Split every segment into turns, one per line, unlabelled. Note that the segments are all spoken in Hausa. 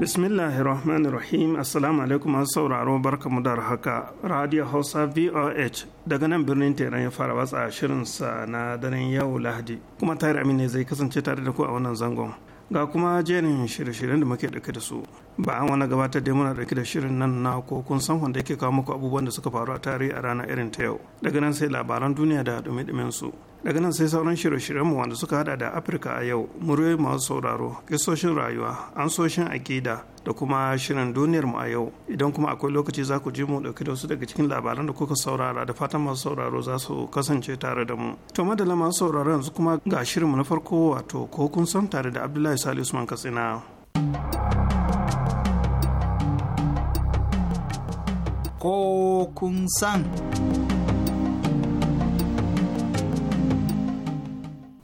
bismillahir rahmanir rahim assalamu alaikum masu sauraro mu da haka radio hausa voh daga nan birnin teran ya fara watsa shirin sa na daren yau lahadi kuma tare amina zai kasance tare da ku a wannan zangon ga kuma jerin shirye-shiryen da muke dauke da su ba an wani gabatar da muna dauke da shirin nan na ko kun san wanda yake kawo muku abubuwan da suka faru a tarihi a rana irin ta yau daga nan sai labaran duniya da dumi su daga nan sai sauran shirye-shiryenmu wanda suka hada da afirka a yau muryoyi masu sauraro kisoshin rayuwa ansoshin akida da kuma shirin duniyar mu a yau idan kuma akwai lokaci za ku ji mu dauki da wasu daga cikin labaran da kuka saurara da fatan masu sauraro za su kasance tare da mu to madalla masu sauraro yanzu kuma ga shirin mu na farko wato ko kun san tare da abdullahi salisu usman katsina
ko kun san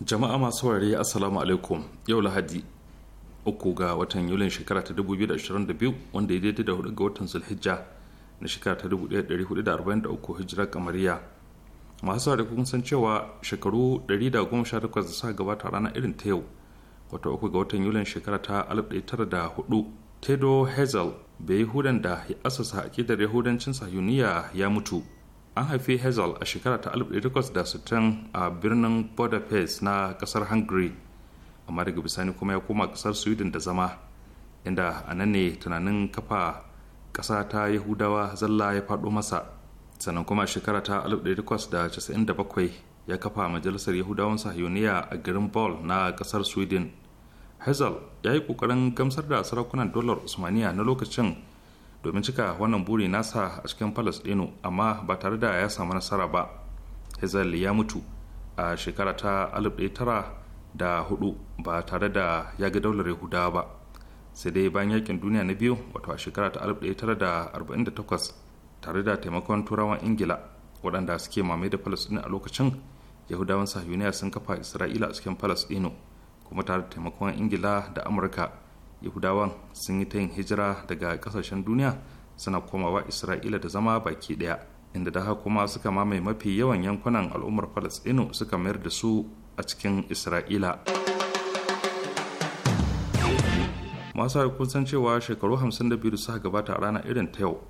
jama'a masu saurare assalamu alaikum yau lahadi uku ga watan yulin shekara ta 2022 wanda ya daidai da hudu ga watan zulhijja na shekara ta 1443 hijira kamariya masu saurari kun san cewa shekaru 118 da suka gabata rana irin ta yau wata uku ga watan yulin shekara ta 1904 tedo hazel bai hudan da ya asasa akidar yahudancin sahuniya ya mutu an haifi hazel a shekara ta 1860 a birnin budapest na kasar hungary amma daga bisani kuma ya koma kasar sweden da zama inda a nan ne tunanin kafa ƙasa ta yahudawa zalla ya faɗo masa sannan kuma shekara ta 1897 ya kafa majalisar yahudawan sahiyoniya a garin ball na kasar sweden hazel ya yi ƙoƙarin gamsar da sarakunan dolar usmaniya na lokacin domin cika wannan buri nasa a cikin dinu amma ba tare da ya samu nasara ba hazel ya mutu a shekara ta 1904 ba tare da ya ga daular yahudawa ba sai dai bayan yakin duniya na biyu wato a shekara ta 1948 tare da taimakon turawan ingila waɗanda suke mamaye da dinu a lokacin yahudawan sahiyuniya sun kafa isra'ila a cikin dinu kuma tare da taimakon ingila da amurka yahudawan sun yi ta yin hijira daga kasashen duniya suna komawa isra'ila da zama baki daya inda da haka kuma suka mamaye mafi yawan yankunan al'ummar falastinu suka mayar da su a cikin isra'ila masu kun san cewa shekaru 52 da suka gabata a rana irin ta yau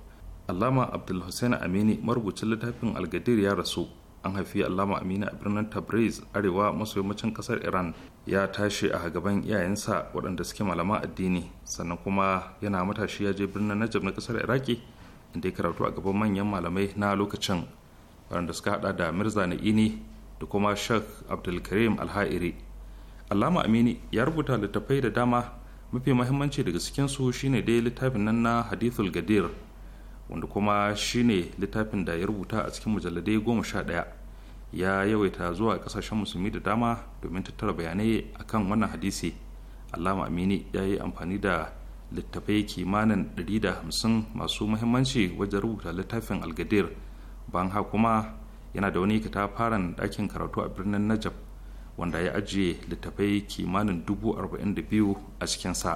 alama abdulhussein amini marubucin littafin algadir ya rasu an haifi allama amina a birnin tabriz arewa maso yammacin kasar iran ya tashi a gaban iyayensa waɗanda suke malama addini sannan kuma yana matashi ya je birnin najab na kasar iraki inda ya karatu a gaban manyan malamai na lokacin waɗanda suka haɗa da mirza na'ini da kuma sheikh abdulkarim alha'iri allama amini ya rubuta littattafai da dama mafi mahimmanci daga su shine dai littafin nan na hadithul gadir wanda kuma shine littafin da ya rubuta a cikin mujalladai goma sha ɗaya ya yawaita zuwa kasashen musulmi da dama domin tattara bayanai a kan wannan hadisi allama amini ya yi amfani da littafai kimanin 150 masu muhimmanci wajen rubuta littafin algadir ban ha kuma yana da wani katafaren ɗakin karatu a birnin najab wanda ya ajiye littafai kimanin 42,000 a cikinsa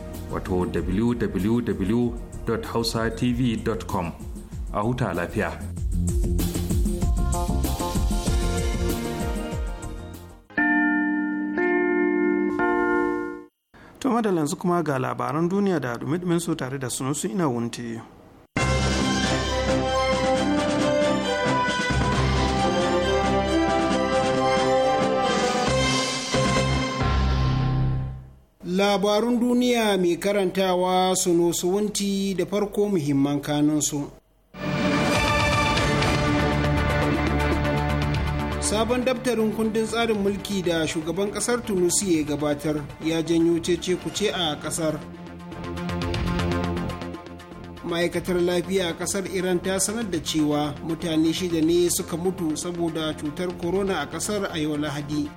wato www.hausatv.com a huta lafiya.
To madalla yanzu kuma ga labaran duniya da dumi su tare da sunusu ina wunti.
Labarun duniya mai karantawa su suwunti da farko muhimman kanunsu. Sabon daftarin kundin tsarin mulki da shugaban kasar tunisia ya gabatar ya janyo cece kuce a kasar. ma'aikatar lafiya a kasar iran ta sanar da cewa mutane shida ne suka mutu saboda cutar corona a kasar a yau lahadi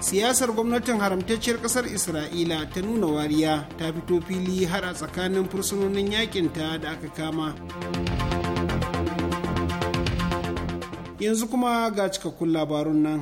siyasar gwamnatin haramtacciyar kasar isra'ila ta nuna wariya ta fito fili har a tsakanin fursunonin yakinta da aka kama yanzu kuma ga cikakkun labarun nan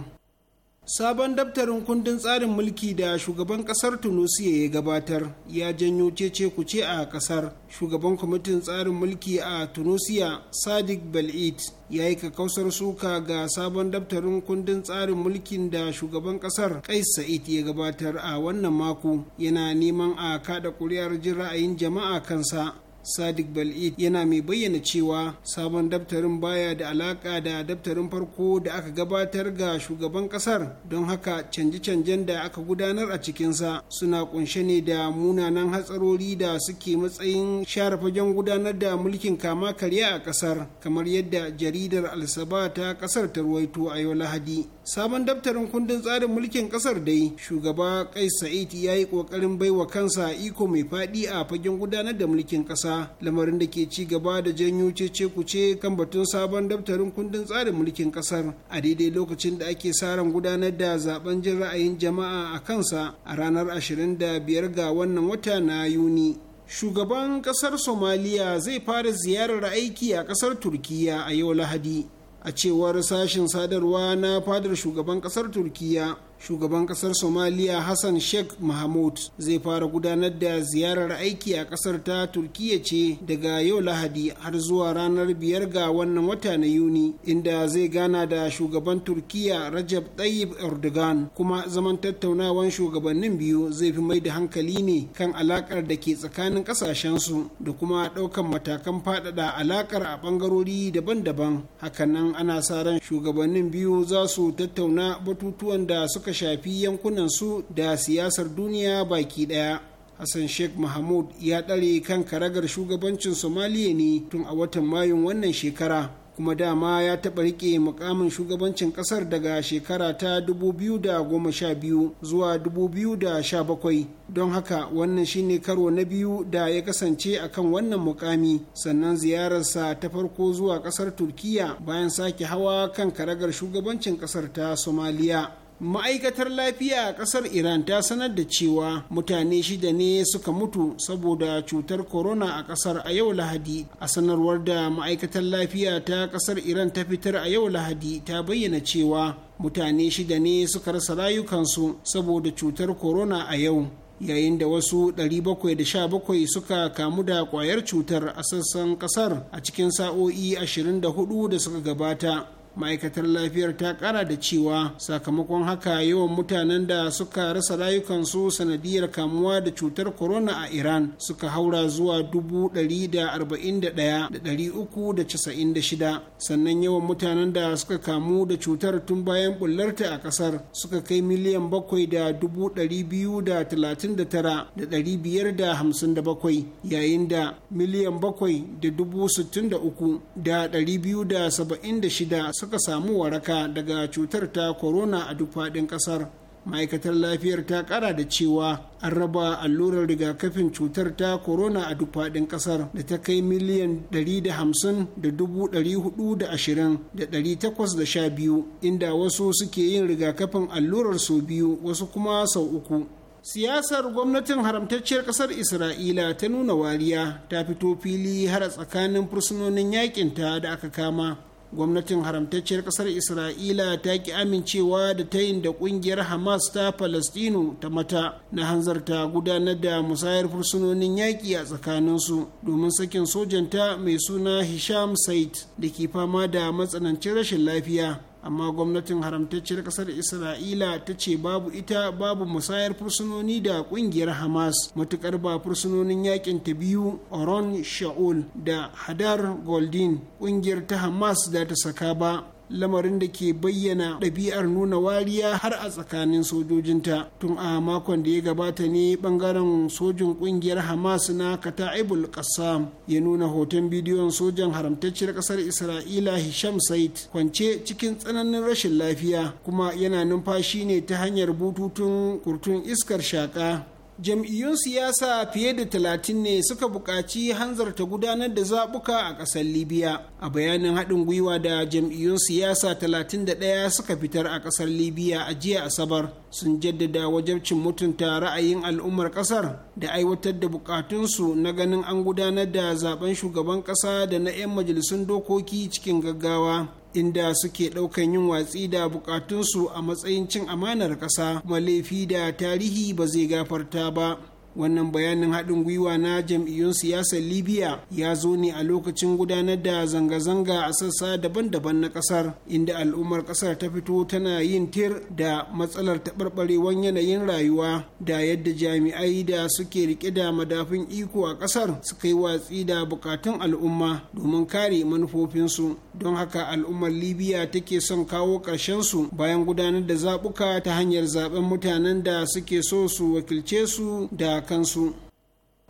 sabon daftarin kundin tsarin mulki da shugaban kasar tunisia ya gabatar ya janyo cece ce a kasar shugaban kwamitin tsarin mulki a tunisia sadiq bel'id ya yi kakausar suka ga sabon daftarin kundin tsarin mulkin da shugaban kasar kais sa'id ya gabatar a wannan mako yana neman a kada kuri'ar jin ra'ayin jama'a kansa sadiq bal'id yana mai bayyana cewa sabon daftarin baya da alaka da daftarin farko da aka gabatar ga shugaban kasar don haka canje-canjen da aka gudanar a cikinsa suna kunshe ne da munanan hatsarori da suke matsayin share fagen gudanar da mulkin kama karya a kasar kamar yadda jaridar alsaba ta kasar ta ruwaito a yau lahadi sabon daftarin kundin tsarin mulkin kasar dai shugaba kai sa'id ya yi kokarin baiwa kansa iko mai faɗi a fagen gudanar da mulkin kasa lamarin da ke ci gaba da janyo cece kuce kan batun sabon daftarin kundin tsarin mulkin kasar a daidai lokacin da ake saran gudanar da zaben jin ra'ayin jama'a a kansa a ranar 25 ga wannan wata na yuni shugaban kasar somaliya zai fara ziyarar aiki a kasar turkiya a yau lahadi a cewar sashen sadarwa na fadar shugaban kasar turkiya shugaban kasar somaliya hassan sheikh mahmud zai fara gudanar da ziyarar aiki a kasar ta turkiya ce daga yau lahadi har zuwa ranar biyar ga wannan wata na yuni inda zai gana da shugaban turkiya rajab tayyip erdogan kuma zaman tattaunawan shugabannin biyu zai fi mai da hankali ne kan alakar da ke tsakanin kasashensu da kuma ɗaukan matakan faɗaɗa alakar a ɓangarori daban-daban hakanan ana sa ran shugabannin biyu za su tattauna batutuwan da suka suka shafi yankunansu da siyasar duniya baki ɗaya. Hassan Sheikh Mahmud ya ɗare kan karagar shugabancin Somaliya ne tun a watan Mayun wannan shekara. kuma dama ya taɓa riƙe mukamin shugabancin ƙasar daga shekara ta 2012 zuwa 2017 don haka wannan shine karo na biyu da ya kasance a kan wannan mukami sannan ziyararsa ta farko zuwa ƙasar turkiya bayan sake hawa kan karagar shugabancin ƙasar ta somaliya ma'aikatar lafiya a kasar iran ta sanar da cewa mutane shida ne suka mutu saboda cutar corona a kasar a yau lahadi a sanarwar da ma'aikatar lafiya ta kasar iran ta fitar a yau lahadi ta bayyana cewa mutane shida ne suka rasa rayukansu saboda cutar corona a yau yayin da wasu 717 suka kamu da kwayar cutar a sassan kasar a cikin sa'o'i 24 da suka gabata ma'aikatar lafiyar ta kara da cewa sakamakon haka yawan mutanen da suka rasa rayukansu sanadiyar kamuwa da cutar corona a iran suka haura zuwa dubu ɗari da arba'in da ɗaya da ɗari uku da casa'in da shida sannan yawan mutanen da suka kamu da cutar tun bayan bullarta a kasar suka kai miliyan bakwai da dubu ɗari biyu da talatin da tara da ɗari biyar da hamsin da bakwai yayin da miliyan bakwai da dubu sittin da uku da ɗari biyu da saba'in da shida suka samu waraka daga cutar ta corona a duk faɗin ƙasar ma'aikatar lafiyar ta ƙara da cewa an raba allurar rigakafin cutar ta corona a duk faɗin ƙasar da ta kai miliyan 150,420,812 inda wasu suke yin rigakafin allurar sau biyu wasu kuma sau uku siyasar gwamnatin haramtacciyar kasar isra'ila ta nuna wariya ta fito fili har tsakanin fursunonin yakinta da aka kama gwamnatin haramtacciyar kasar isra'ila ta ki amincewa da ta tayin da kungiyar hamas ta palestino ta mata na hanzarta gudanar da musayar fursunonin yaƙi a tsakaninsu domin sakin sojanta mai suna hisham said da ke fama da matsanancin rashin lafiya amma gwamnatin haramtacciyar kasar isra'ila ta ce babu ita babu musayar fursunoni da kungiyar hamas matukar ba fursunonin yakin ta biyu oron sha'ul da hadar goldin kungiyar ta hamas za ta saka ba lamarin da ke bayyana ɗabi'ar nuna wariya har a tsakanin sojojinta tun a makon da ya gabata ne bangaren sojin ƙungiyar hamas na kata'ibul qassam ya nuna hoton bidiyon sojan haramtacciyar ƙasar isra'ila hisham said kwance cikin tsananin rashin lafiya kuma yana numfashi ne ta hanyar bututun kurtun iskar shaka jam'iyyun siyasa fiye da talatin ne suka buƙaci hanzarta gudanar da zaɓuka a ƙasar libya a bayanin haɗin gwiwa da jam'iyyun siyasa talatin da ɗaya suka fitar a ƙasar libya a jiya asabar sun jaddada wajabcin mutunta ra'ayin al'ummar ƙasar da aiwatar da buƙatunsu na ganin an gudanar da zaben shugaban ƙasa da na 'yan majalisun dokoki cikin gaggawa inda suke ɗaukan yin watsi da bukatunsu a matsayin cin amanar ƙasa kuma laifi da tarihi ba zai gafarta ba wannan bayanin haɗin gwiwa na jam'iyyun siyasar libya ya zo ne a lokacin gudanar da zanga-zanga a sassa daban-daban na ƙasar inda al'ummar ƙasar ta fito tana yin tir da matsalar taɓarɓarewar yanayin rayuwa da yadda jami'ai da suke rike da madafin iko a ƙasar suka yi watsi da bukatun al'umma domin kare manufofinsu don haka al'ummar libya take son kawo su bayan gudanar da zaɓuka ta hanyar zaɓen mutanen da suke so su wakilce su da kakansu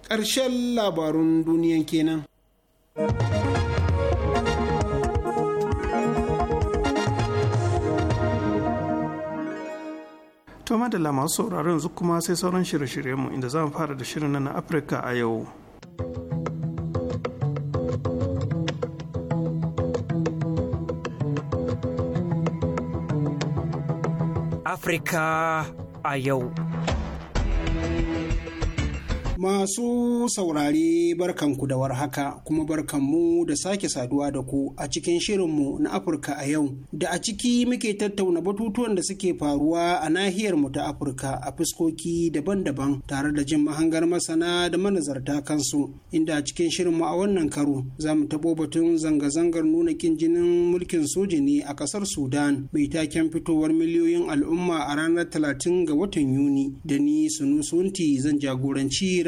ƙarshen labarun duniyan kenan.
To madalla masu sauraro yanzu kuma sai sauran shirye-shiryenmu inda za mu fara da shirin na Afirka a yau.
Afirka a yau.
Masu saurare barkanku da warhaka kuma barkanmu da sake saduwa da ku a cikin shirinmu na Afirka a yau da a ciki muke tattauna batutuwan da suke faruwa a nahiyar mu ta Afirka a fuskoki daban-daban tare da jin mahangar masana da manazarta kansu inda a cikin shirinmu a wannan karo za mu taɓo batun zanga-zangar nuna kin jinin mulkin soja ne a ƙasar Sudan mai taken fitowar miliyoyin al'umma a ranar talatin ga watan Yuni da ni Sunusunti zan jagoranci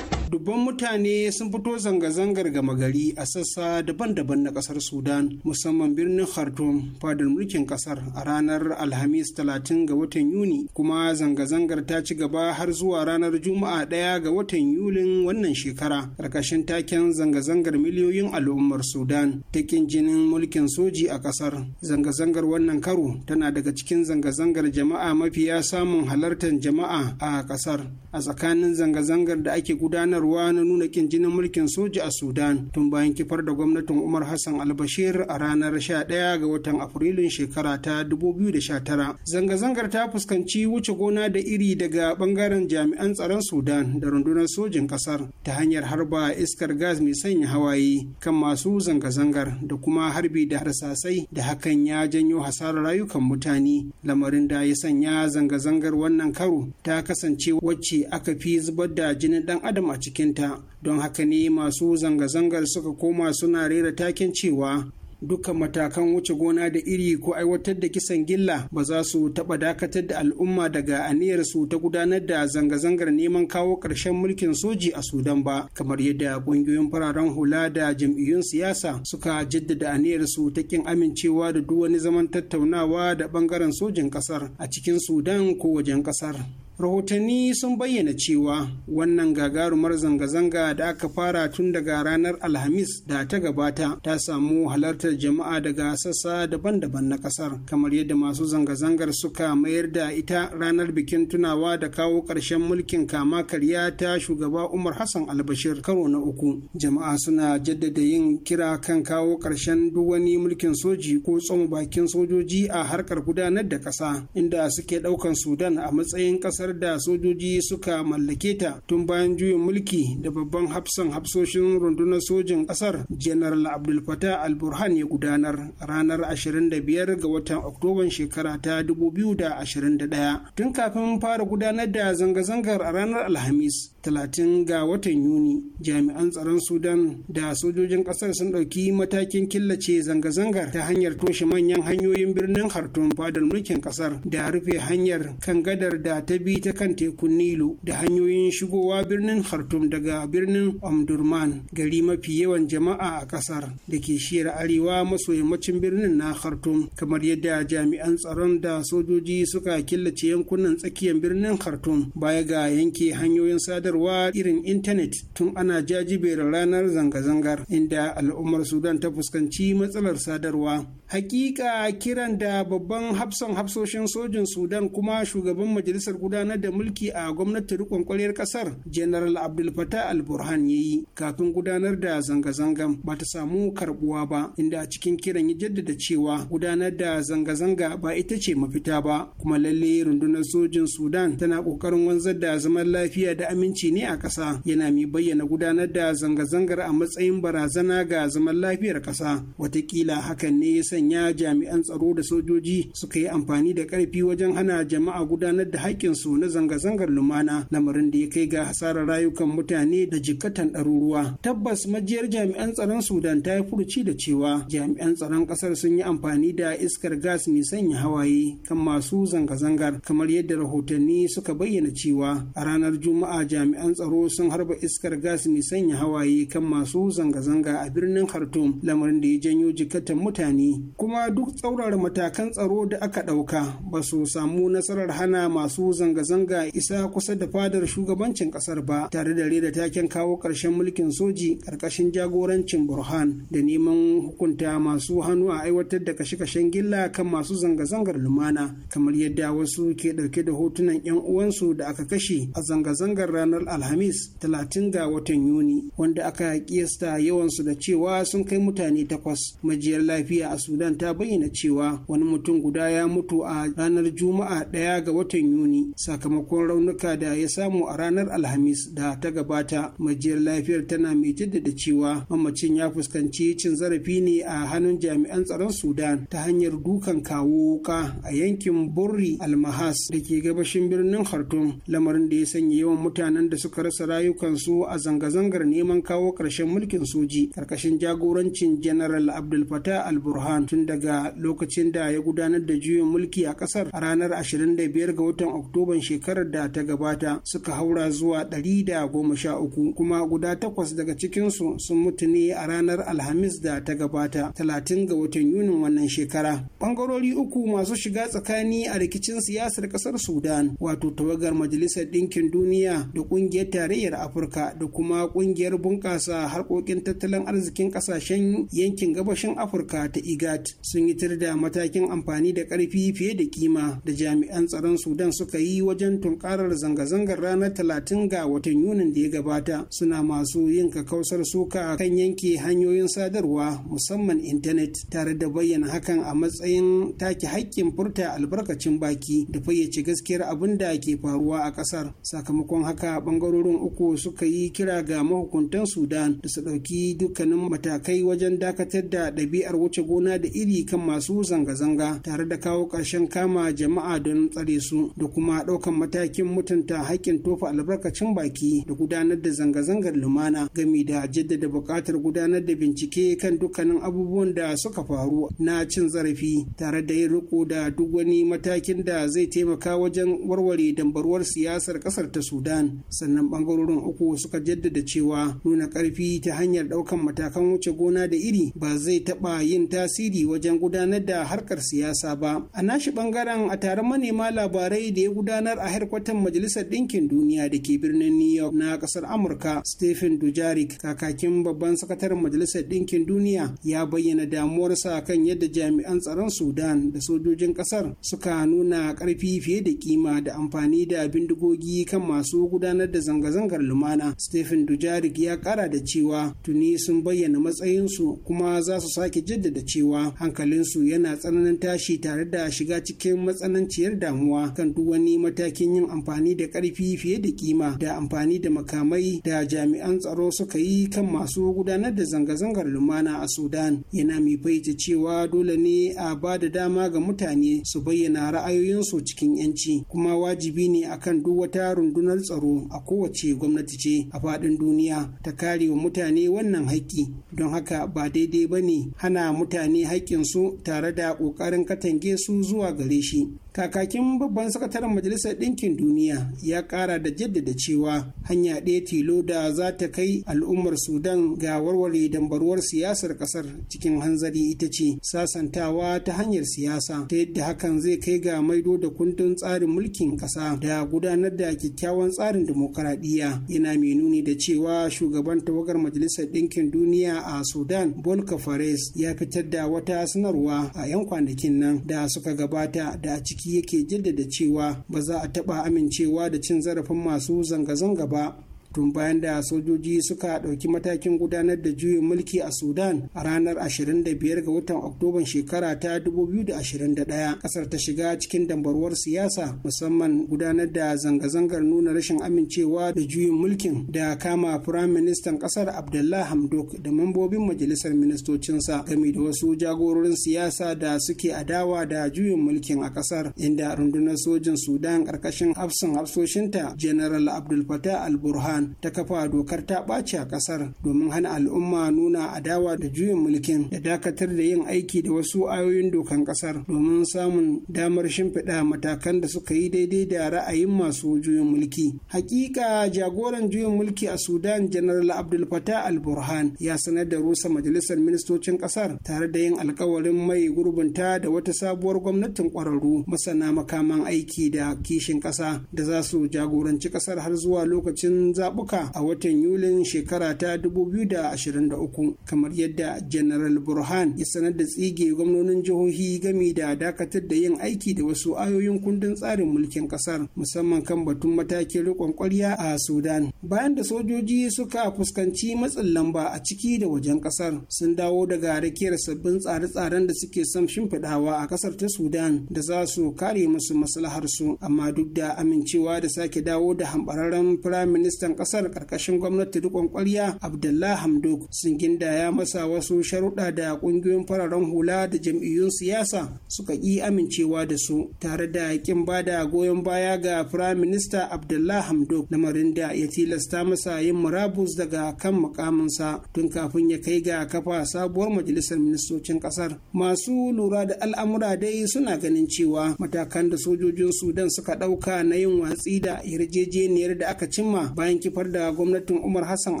dubban mutane sun fito zanga-zangar gama gari a sassa daban-daban na kasar sudan musamman birnin khartoum fadar mulkin kasar a ranar alhamis 30 ga watan yuni kuma zanga-zangar ta ci gaba har zuwa ranar juma'a ɗaya ga watan yulin wannan shekara karkashin taken zanga-zangar miliyoyin al'ummar sudan ta jinin mulkin soji a kasar zanga-zangar wannan karo tana daga cikin zanga-zangar jama'a mafiya samun halartar jama'a a kasar a tsakanin zanga-zangar da ake gudanarwa rayuwa na nuna kin jinin mulkin soja a sudan tun bayan kifar da gwamnatin umar hassan albashir a ranar 11 ga watan afrilun shekara ta da 2019 zanga-zangar ta fuskanci wuce gona da iri daga bangaren jami'an tsaron sudan da rundunar sojin kasar ta hanyar harba iskar gas mai sanya hawaye kan masu zanga-zangar da kuma harbi da harsasai da hakan ya janyo hasarar rayukan mutane lamarin da ya sanya zanga-zangar wannan karo ta kasance wacce aka fi zubar da jinin dan adam a cikin takinta don haka ne masu zanga-zangar suka koma suna rera takin cewa duka matakan wuce gona da iri ko aiwatar da kisan gilla ba za su taɓa dakatar da al'umma daga aniyarsu ta gudanar da zanga-zangar neman kawo ƙarshen mulkin soji a sudan ba kamar yadda ƙungiyoyin fararen hula da jam'iyyun siyasa suka jaddada aniyarsu ta kin amincewa da duk wani zaman tattaunawa da ɓangaren sojin ƙasar a cikin sudan ko wajen ƙasar. rahotanni sun bayyana cewa wannan gagarumar zanga-zanga da aka fara tun daga ranar alhamis da ta gabata ta samu halartar jama'a daga sassa daban-daban na kasar kamar yadda masu zanga-zangar suka mayar da ita ranar bikin tunawa da kawo ƙarshen mulkin kama karya ta shugaba umar hassan albashir karo na uku jama'a suna jaddada yin kira kan kawo ƙarshen duk wani mulkin soji ko tsoma bakin sojoji a harkar gudanar da ƙasa inda suke ɗaukan sudan a matsayin ƙasar kasar da sojoji suka mallake ta tun bayan juyin mulki da babban hafsan hafsoshin rundunar sojin ƙasar general abdul fatah al-burhan ya gudanar ranar 25 ga watan oktoban shekara ta 2021 tun kafin fara gudanar da zanga-zangar a ranar alhamis Talatin ga watan Yuni jami'an tsaron Sudan da sojojin ƙasar sun ɗauki matakin killace zanga-zangar ta hanyar toshe manyan hanyoyin birnin hartun, fadar mulkin ƙasar da rufe hanyar kan gadar da ta bi ta kan tekun Nilo da hanyoyin shigowa birnin hartun daga birnin Omdurman gari mafi yawan jama'a a ƙasar da ke shiyar arewa maso yammacin birnin na hartun. kamar yadda jami'an tsaron da sojoji suka killace yankunan tsakiyar birnin hartun, baya ga yanke hanyoyin sadarwa sadarwa irin intanet tun ana jajibera ranar zanga-zangar inda al'ummar sudan ta fuskanci matsalar sadarwa hakika kiran da babban hafsan hafsoshin sojin sudan kuma shugaban majalisar gudanar da mulki a gwamnatin rikon kwaryar kasar general abdul fatah al-burhan ya yi kafin gudanar da zanga-zangan ba ta samu karbuwa ba inda a cikin kiran ya jaddada cewa gudanar da zanga-zanga ba ita ce mafita ba kuma lalle rundunar sojin sudan tana kokarin wanzar da zaman lafiya da aminci ne a ƙasa yana mai bayyana gudanar da zanga-zangar a matsayin barazana ga zaman lafiyar ƙasa watakila hakan ne ya sanya sanya jami'an tsaro da sojoji suka yi amfani da karfi wajen hana jama'a gudanar da haƙƙinsu na zanga-zangar lumana lamarin da ya kai ga hasarar rayukan mutane da jikkatan ɗaruruwa tabbas majiyar jami'an tsaron sudan ta yi furuci da cewa jami'an tsaron ƙasar sun yi amfani da iskar gas mai sanya hawaye kan masu zanga-zangar kamar yadda rahotanni suka bayyana cewa a ranar juma'a jami'an tsaro sun harba iskar gas mai sanya hawaye kan masu zanga-zanga a birnin khartoum lamarin da ya janyo jikkatan mutane kuma duk tsaurar matakan tsaro da aka ɗauka ba su samu nasarar hana masu zanga-zanga isa kusa da fadar shugabancin ƙasar ba tare da reda taken kawo ƙarshen mulkin soji ƙarƙashin jagorancin burhan da neman hukunta masu hannu a aiwatar da kashe-kashen gilla kan masu zanga-zangar lumana kamar yadda wasu ke ɗauke da hotunan 'yan uwansu da aka kashe a zanga-zangar ranar alhamis talatin ga watan yuni wanda aka kiyasta yawansu da cewa sun kai mutane takwas majiyar lafiya a su sudan ta bayyana cewa wani mutum guda ya mutu a ranar juma'a daya ga watan yuni sakamakon raunuka da ya samu a ranar alhamis da ta gabata majiyar lafiyar tana mai jaddada cewa mamacin ya fuskanci cin zarafi ne a hannun jami'an tsaron sudan ta hanyar dukan kawo wuka a yankin burri almahas da ke gabashin birnin khartoum lamarin da ya sanya yawan mutanen da suka rasa rayukansu a zanga-zangar neman kawo ƙarshen mulkin soji ƙarƙashin jagorancin general abdul fatah al-burhan tun daga lokacin da ya gudanar da juyin mulki a kasar a ranar 25 ga watan Oktoban shekarar da ta gabata suka haura zuwa 113 kuma guda takwas daga cikinsu sun mutu ne a ranar Alhamis da ta gabata 30 ga watan Yunin wannan shekara. Bangarori uku masu shiga tsakani a rikicin siyasar kasar Sudan wato tawagar Majalisar Ɗinkin Duniya da Ƙungiyar Tarayyar Afirka da kuma Ƙungiyar Bunƙasa Harkokin Tattalin Arzikin Ƙasashen Yankin Gabashin Afirka ta iga riyadh sun yi da matakin amfani da ƙarfi fiye da kima da jami'an tsaron sudan suka yi wajen tunkarar zanga-zangar ranar talatin ga watan yunin da ya gabata suna masu yin kakausar suka kan yanke hanyoyin sadarwa musamman intanet tare da bayyana hakan a matsayin take haƙƙin furta albarkacin baki da fayyace gaskiyar abin da ke faruwa a ƙasar sakamakon haka ɓangarorin uku suka yi kira ga mahukuntan sudan da su ɗauki dukkanin matakai wajen dakatar da ɗabi'ar wuce gona da iri kan masu zanga-zanga tare da kawo ƙarshen kama jama'a don tsare su da kuma ɗaukan matakin mutunta haƙƙin tofa albarkacin baki da gudanar da zanga-zangar lumana gami da jaddada buƙatar gudanar da bincike kan dukkanin abubuwan da suka faru na cin zarafi tare da yin riko da duk wani matakin da zai taimaka wajen warware dambarwar siyasar ƙasar ta sudan sannan ɓangarorin uku suka jaddada cewa nuna ƙarfi ta hanyar ɗaukan matakan wuce gona da iri ba zai taɓa yin tasiri tasiri wajen gudanar da harkar siyasa ba a nashi bangaren a taron manema labarai da ya gudanar a harkwatan majalisar ɗinkin duniya da ke birnin new york na ƙasar amurka stephen dujarik kakakin babban sakataren majalisar ɗinkin duniya ya bayyana damuwarsa kan yadda jami'an tsaron sudan da sojojin ƙasar suka nuna ƙarfi fiye da kima da amfani da bindigogi kan masu gudanar da zanga-zangar lumana stephen dujarik ya ƙara da cewa tuni sun bayyana matsayinsu kuma za su sake jaddada cewa hankalinsu yana tsananin tashi tare da shiga cikin matsananciyar damuwa kan duk wani matakin yin amfani da ƙarfi fiye da kima da amfani da makamai da jami'an tsaro suka yi kan masu gudanar da zanga-zangar lumana a Sudan yana mai baita cewa dole ne a ba da dama ga mutane su bayyana ra'ayoyinsu cikin 'yanci kuma wajibi ne akan duk wata rundunar tsaro a kowace gwamnati ce a faɗin duniya ta kare wa mutane wannan haƙƙi don haka ba daidai ba ne hana mutane haƙƙinsu tare da ƙoƙarin katange su zuwa gare shi kakakin babban sakataren majalisar ɗinkin duniya ya ƙara da jaddada cewa hanya ɗaya tilo da za ta kai al'ummar sudan ga warware dambaruwar siyasar ƙasar cikin hanzari ita ce sasantawa ta hanyar siyasa ta yadda hakan zai kai ga maido da kundin tsarin mulkin ƙasa da gudanar da kyakkyawan tsarin dimokuraɗiyya yana mai nuni da cewa shugaban tawagar majalisar ɗinkin duniya a sudan bolka fares ya fitar da wata sanarwa a 'yan kwanakin nan da suka gabata da a ciki yake jaddada cewa ba za a taɓa amincewa da cin zarafin masu zanga-zanga ba tun bayan da sojoji suka ɗauki matakin gudanar da juyin mulki a sudan a ranar 25 ga watan oktoban shekara ta 2021 kasar ta shiga cikin dambarwar siyasa musamman gudanar da zanga-zangar nuna rashin amincewa da juyin mulkin da kama firayim ministan kasar abdullah hamdok da mambobin majalisar ministocinsa game da wasu jagororin siyasa da suke adawa da juyin mulkin a kasar inda rundunar sojin sudan ƙarƙashin hafsin hafsoshinta general abdul fatah al-burhan ta kafa dokar ta ɓaci a ƙasar domin hana al'umma nuna adawa da juyin mulkin da dakatar da yin aiki da wasu ayoyin dokan ƙasar domin samun damar shimfiɗa matakan da suka yi daidai da ra'ayin masu juyin mulki hakika jagoran juyin mulki a sudan general abdul fattah al burhan ya sanar da rusa majalisar ministocin ƙasar tare da yin alkawarin mai gurbinta da wata sabuwar gwamnatin ƙwararru masana makaman aiki da kishin ƙasa da za su jagoranci ƙasar har zuwa lokacin zaɓen zaɓuka a watan Yulin shekara ta 2023 kamar yadda General Burhan ya sanar da tsige gwamnonin jihohi gami da dakatar da yin aiki da wasu ayoyin kundin tsarin mulkin kasar musamman kan batun matakin riƙon ƙwarya a Sudan. Bayan da sojoji suka fuskanci matsin lamba a ciki da wajen kasar sun dawo daga rakiyar sabbin tsare-tsaren da suke son shimfiɗawa a kasar ta Sudan da za su kare musu maslaharsu amma duk da amincewa da sake dawo da hambararren firaministan kasar karkashin gwamnati rikon kwarya Abdullahi hamdok sun ya masa wasu sharuɗa da ƙungiyoyin fararen hula da jam'iyyun siyasa suka ƙi amincewa da su tare da yakin ba da goyon baya ga firayim minista Abdullahi hamdok lamarin da ya tilasta masa yin murabus daga kan mukaminsa tun kafin ya kai ga kafa sabuwar majalisar ministocin kasar masu lura da al'amura dai suna ganin cewa matakan da sojojin sudan suka ɗauka na yin watsi da yarjejeniyar da aka cimma bayan jefar da gwamnatin Umar Hassan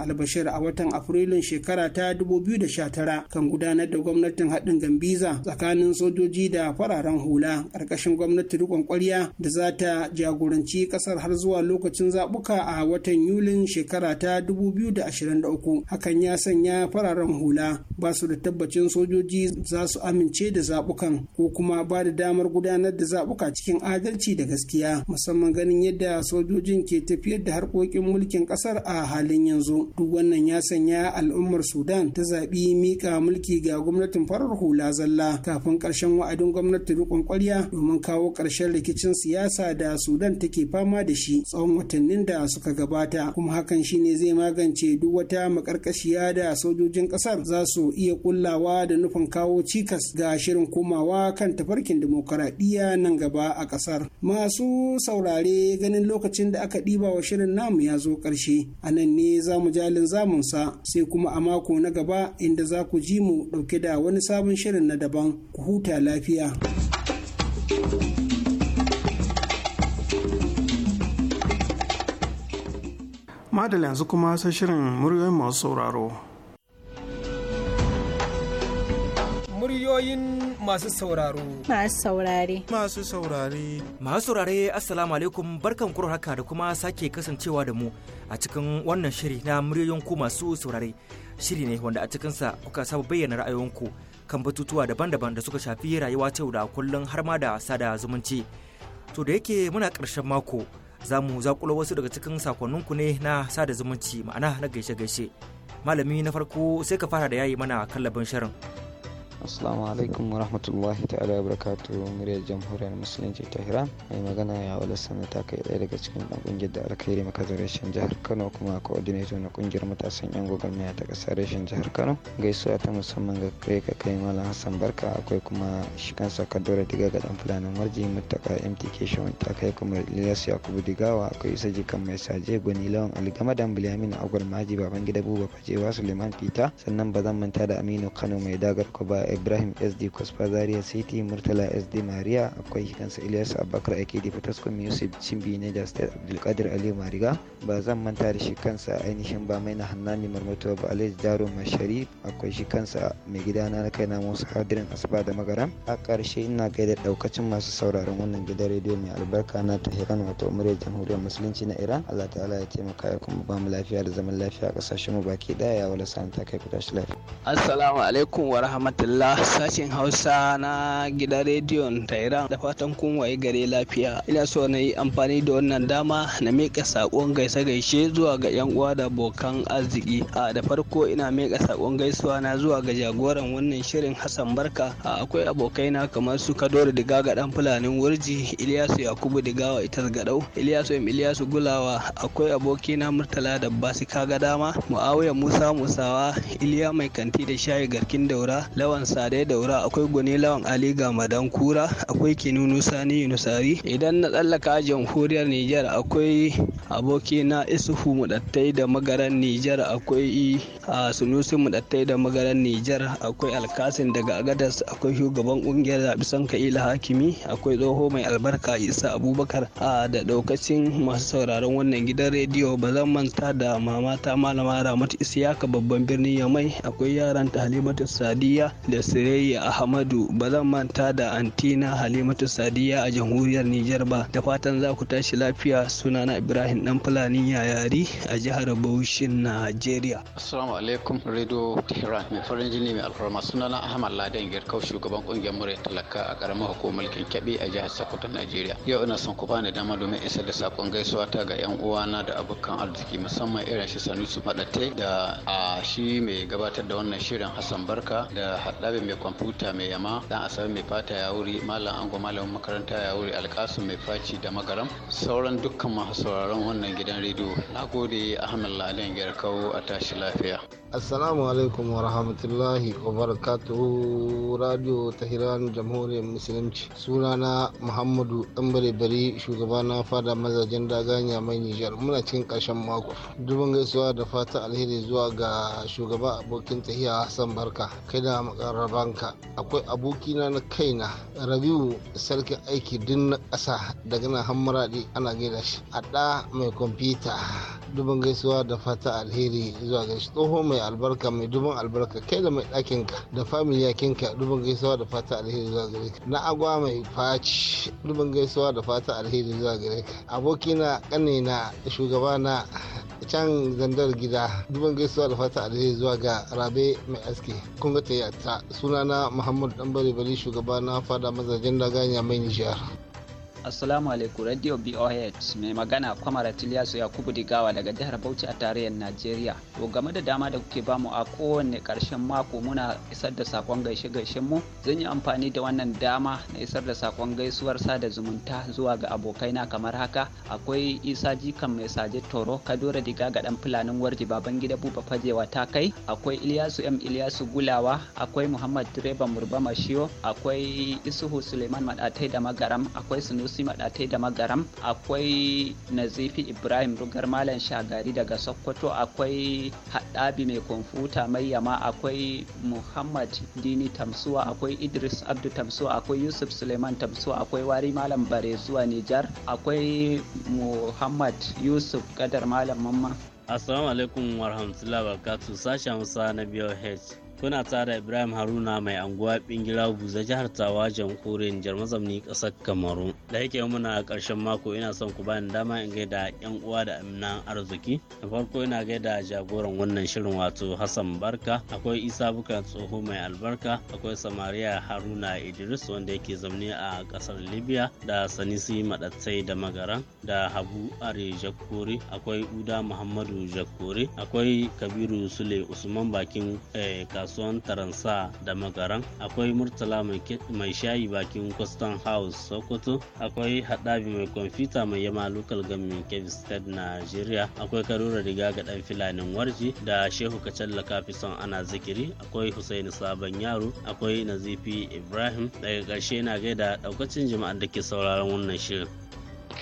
Albashir a watan Afrilun shekara ta 2019 kan gudanar da gwamnatin haɗin Gambiza tsakanin sojoji da fararen hula ƙarƙashin gwamnati riƙon ƙwarya da za ta jagoranci ƙasar har zuwa lokacin zaɓuka a watan Yulin shekara ta 2023. Hakan ya sanya fararen hula ba su da tabbacin sojoji za su amince da zaɓukan ko kuma ba da damar gudanar da zaɓuka cikin adalci da gaskiya musamman ganin yadda sojojin ke tafiyar da harkokin mulki mulkin kasar a halin yanzu duk wannan ya sanya al'ummar sudan ta zaɓi mika mulki ga gwamnatin farar hula zalla kafin ƙarshen wa'adin gwamnati rikon kwarya domin kawo ƙarshen rikicin siyasa da sudan take fama da shi tsawon watannin da suka gabata kuma hakan shine zai magance duk wata makarkashiya da sojojin ƙasar za su iya kullawa da nufin kawo cikas ga shirin komawa kan tafarkin dimokuraɗiyya nan gaba a ƙasar masu saurare ganin lokacin da aka ɗiba wa shirin namu ya zo ƙarshe a nan ne za mu jalin zamunsa sai kuma a mako na gaba inda za ku ji mu ɗauke da wani sabon shirin na daban ku huta lafiya.
madalin yanzu kuma sai shirin muryoyin masu sauraro
muryoyin
masu sauraro. Masu saurare.
Masu saurare. Masu saurare Assalamu alaikum barkan kuro haka da kuma sake kasancewa da mu a cikin wannan shiri na muryoyin ku masu saurare. Shiri ne wanda a cikinsa kuka saba bayyana ra'ayoyinku kan batutuwa daban-daban da suka shafi rayuwa ta da kullum har ma da sada zumunci. To da yake muna karshen mako za mu zakulo wasu daga cikin sakonninku ne na sada zumunci ma'ana na gaishe-gaishe. Malami na farko sai ka fara da yayi mana kallabin shirin.
assalamu alaikum wa rahmatullahi ta'ala barakatu muryar jamhuriyar musulunci ta hira mai magana ya wala sanar ta kai ɗaya daga cikin ɗan ƙungiyar da alkhairi makazin jihar kano kuma coordinator na ƙungiyar matasan yan gwagwarmaya ta ƙasar rashin jihar kano gaisuwa ta musamman ga kai ka kai malam hassan barka akwai kuma shi kansa diga ga ɗan fulanin marji mutaka mtk shawan ta kai kuma ilyas yakubu digawa akwai isa jikan mai saje gwani lawan algamadan bilyamin agwar maji baban gida buba fajewa suleiman fita sannan ba zan manta da aminu kano mai dagar ko ba ibrahim sd kwasfa zaria city murtala sd maria akwai kansa ilyas abubakar ake da fataskun yusuf cimbi ne da state abdulkadir ali mariga ba zan manta da shi kansa ainihin ba mai na hannani marmato ba alhaji daro mashari akwai shi kansa mai gidana na kaina musa hadirin asuba da magaram a ƙarshe ina gaida daukacin masu sauraron wannan gidan rediyo mai albarka na tahiran wato muryar jamhuriyar musulunci na iran allah ta'ala ya taimaka ya kuma ba mu lafiya da zaman lafiya a kasashen mu baki daya ya wala sanata ta kai ku tashi lafiya
assalamu alaikum wa rahmatullahi Abdullah sashen Hausa na gidan rediyon Tairan. da fatan kun waye gare lafiya. Ina so na yi amfani da wannan dama na miƙa saƙon gaisa gaishe zuwa ga yan uwa da abokan arziki. A da farko ina miƙa saƙon gaisuwa na zuwa ga jagoran wannan shirin Hassan Barka. A akwai abokai na kamar su Kadori ga dan Fulanin Wurji, Iliyasu Yakubu Digawa Itas Gadau, Iliyasu M Iliyasu Gulawa, akwai abokina Murtala da Basi Kaga Dama, Muawiya Musa Musawa, Iliya Mai Kanti da Shayi Garkin Daura, Lawan Sadai Daura akwai Gwani Lawan Ali Gamadan Kura akwai Kinunu Sani Yunusari idan na tsallaka jamhuriyar Nijar akwai aboki na Isuhu Mudattai da magaran Nijar akwai a Sunusi Mudattai da magaran Nijar akwai Alkasin daga Agadas akwai shugaban kungiyar Zabisan Ka'ila Hakimi akwai tsoho mai albarka Isa Abubakar a da daukacin masu sauraron wannan gidan rediyo ba zan manta da mamata malama Ramatu Isiyaka babban birnin Yamai akwai yaran ta Halimatu Sadiya da Sireya Ahmadu ba zan manta da Antina Halimatu Sadiya a jamhuriyar Nijar ba da fatan za ku tashi lafiya sunana Ibrahim dan Fulani Yayari a jihar Bauchi Najeriya.
Assalamu alaikum Radio Tehran mai farin jini mai alfarma sunana Ahmad Ladan Girkau shugaban kungiyar murya talaka a karamar hukumar Kebe a jihar Sokoto Najeriya. Yau ina son ku bani dama domin isa da sakon gaisuwa ta ga yan uwana da abokan arziki musamman irin shi Sanusi Fadate da a shi mai gabatar da wannan shirin Hassan Barka da rabin mai kwamfuta mai yama dan asabe mai fata ya wuri malam ango malamin makaranta ya wuri alkasu mai faci da magaram sauran dukkan masu sauraron wannan gidan rediyo na gode ahmed ladan kawo a tashi
lafiya
assalamu alaikum wa rahmatullahi wa barakatuhu radio tahiran jamhuriyar musulunci sunana muhammadu dan bari shugaba na fada mazajen daganya mai nijar muna cikin karshen mako dubin gaisuwa da fata alheri zuwa ga shugaba abokin tahiya hassan barka kai da makarabanka akwai abokina na kaina rabiu sarkin aiki din na ƙasa daga na hamuraɗi ana gaida shi a ɗa mai kwamfuta dubin gaisuwa da fata alheri zuwa ga tsoho mai albarka mai dubin albarka kai da mai ɗakinka ka da familiya kinka dubin gaisuwa da fata alheri zuwa gare ka na agwa mai faci dubin gaisuwa da fata alheri zuwa gare ka abokina kanina shugaba na can zandar gida dubin gaisuwa da fata alheri zuwa ga rabe mai aski kun ga ta sunana muhammadu dan bare bari shugaba na fada mazajen daganya mai nijar
Assalamu alaikum Radio BOH mai magana Kwamara Tiliyasu Yakubu Digawa daga jihar Bauchi a tarayyar Najeriya. To game da dama da kuke bamu a kowane karshen mako muna isar da sakon gaishe gaishen mu zan yi amfani da wannan dama na isar da sakon gaisuwar sada zumunta zuwa ga abokaina kamar haka akwai Isa Jikan mai saje Toro Kadura Diga ga dan fulanin Warji baban gida Buba Fajewa ta kai akwai Iliyasu M Iliyasu Gulawa akwai Muhammad Direban Murba Mashiyo akwai Isuhu Suleiman Madatai da Magaram akwai Sunusi musi maɗatai da magaram akwai nazifi ibrahim rugar malam shagari daga sokoto akwai haɗabi mai kwamfuta mai yama akwai muhammad dini tamsuwa akwai idris abdu tamsuwa akwai yusuf suleiman tamsuwa akwai wari malam bare zuwa nijar akwai muhammad yusuf gadar malam mamma
Assalamu alaikum warahmatullahi wabarakatuh sashen Hausa na BOH. kuna tsara ibrahim haruna mai anguwa bingila buza jihar tawa jamhuriyar nijar mazamni kasar kamaru da yake muna karshen mako ina son ku bani dama in gaida yan uwa da amina arziki da farko ina gaida jagoran wannan shirin wato hassan barka akwai isa tsoho mai albarka akwai samariya haruna idris wanda yake zaune a ƙasar libya da sanisi maɗatai da magaran da habu are jakore akwai uda muhammadu jakore akwai kabiru sule usman bakin eh, kasuwa kasuwan taransa da magaran akwai murtala mai shayi bakin kwastan house sokoto akwai haɗabi mai kwamfuta mai yama lokal government kebbi state nigeria akwai karura riga ga ɗan filanin warji da shehu kacalla kafison ana zikiri akwai husaini sabon yaro akwai nazifi ibrahim daga ƙarshe na gaida ɗaukacin jama'ar da ke sauraron wannan shirin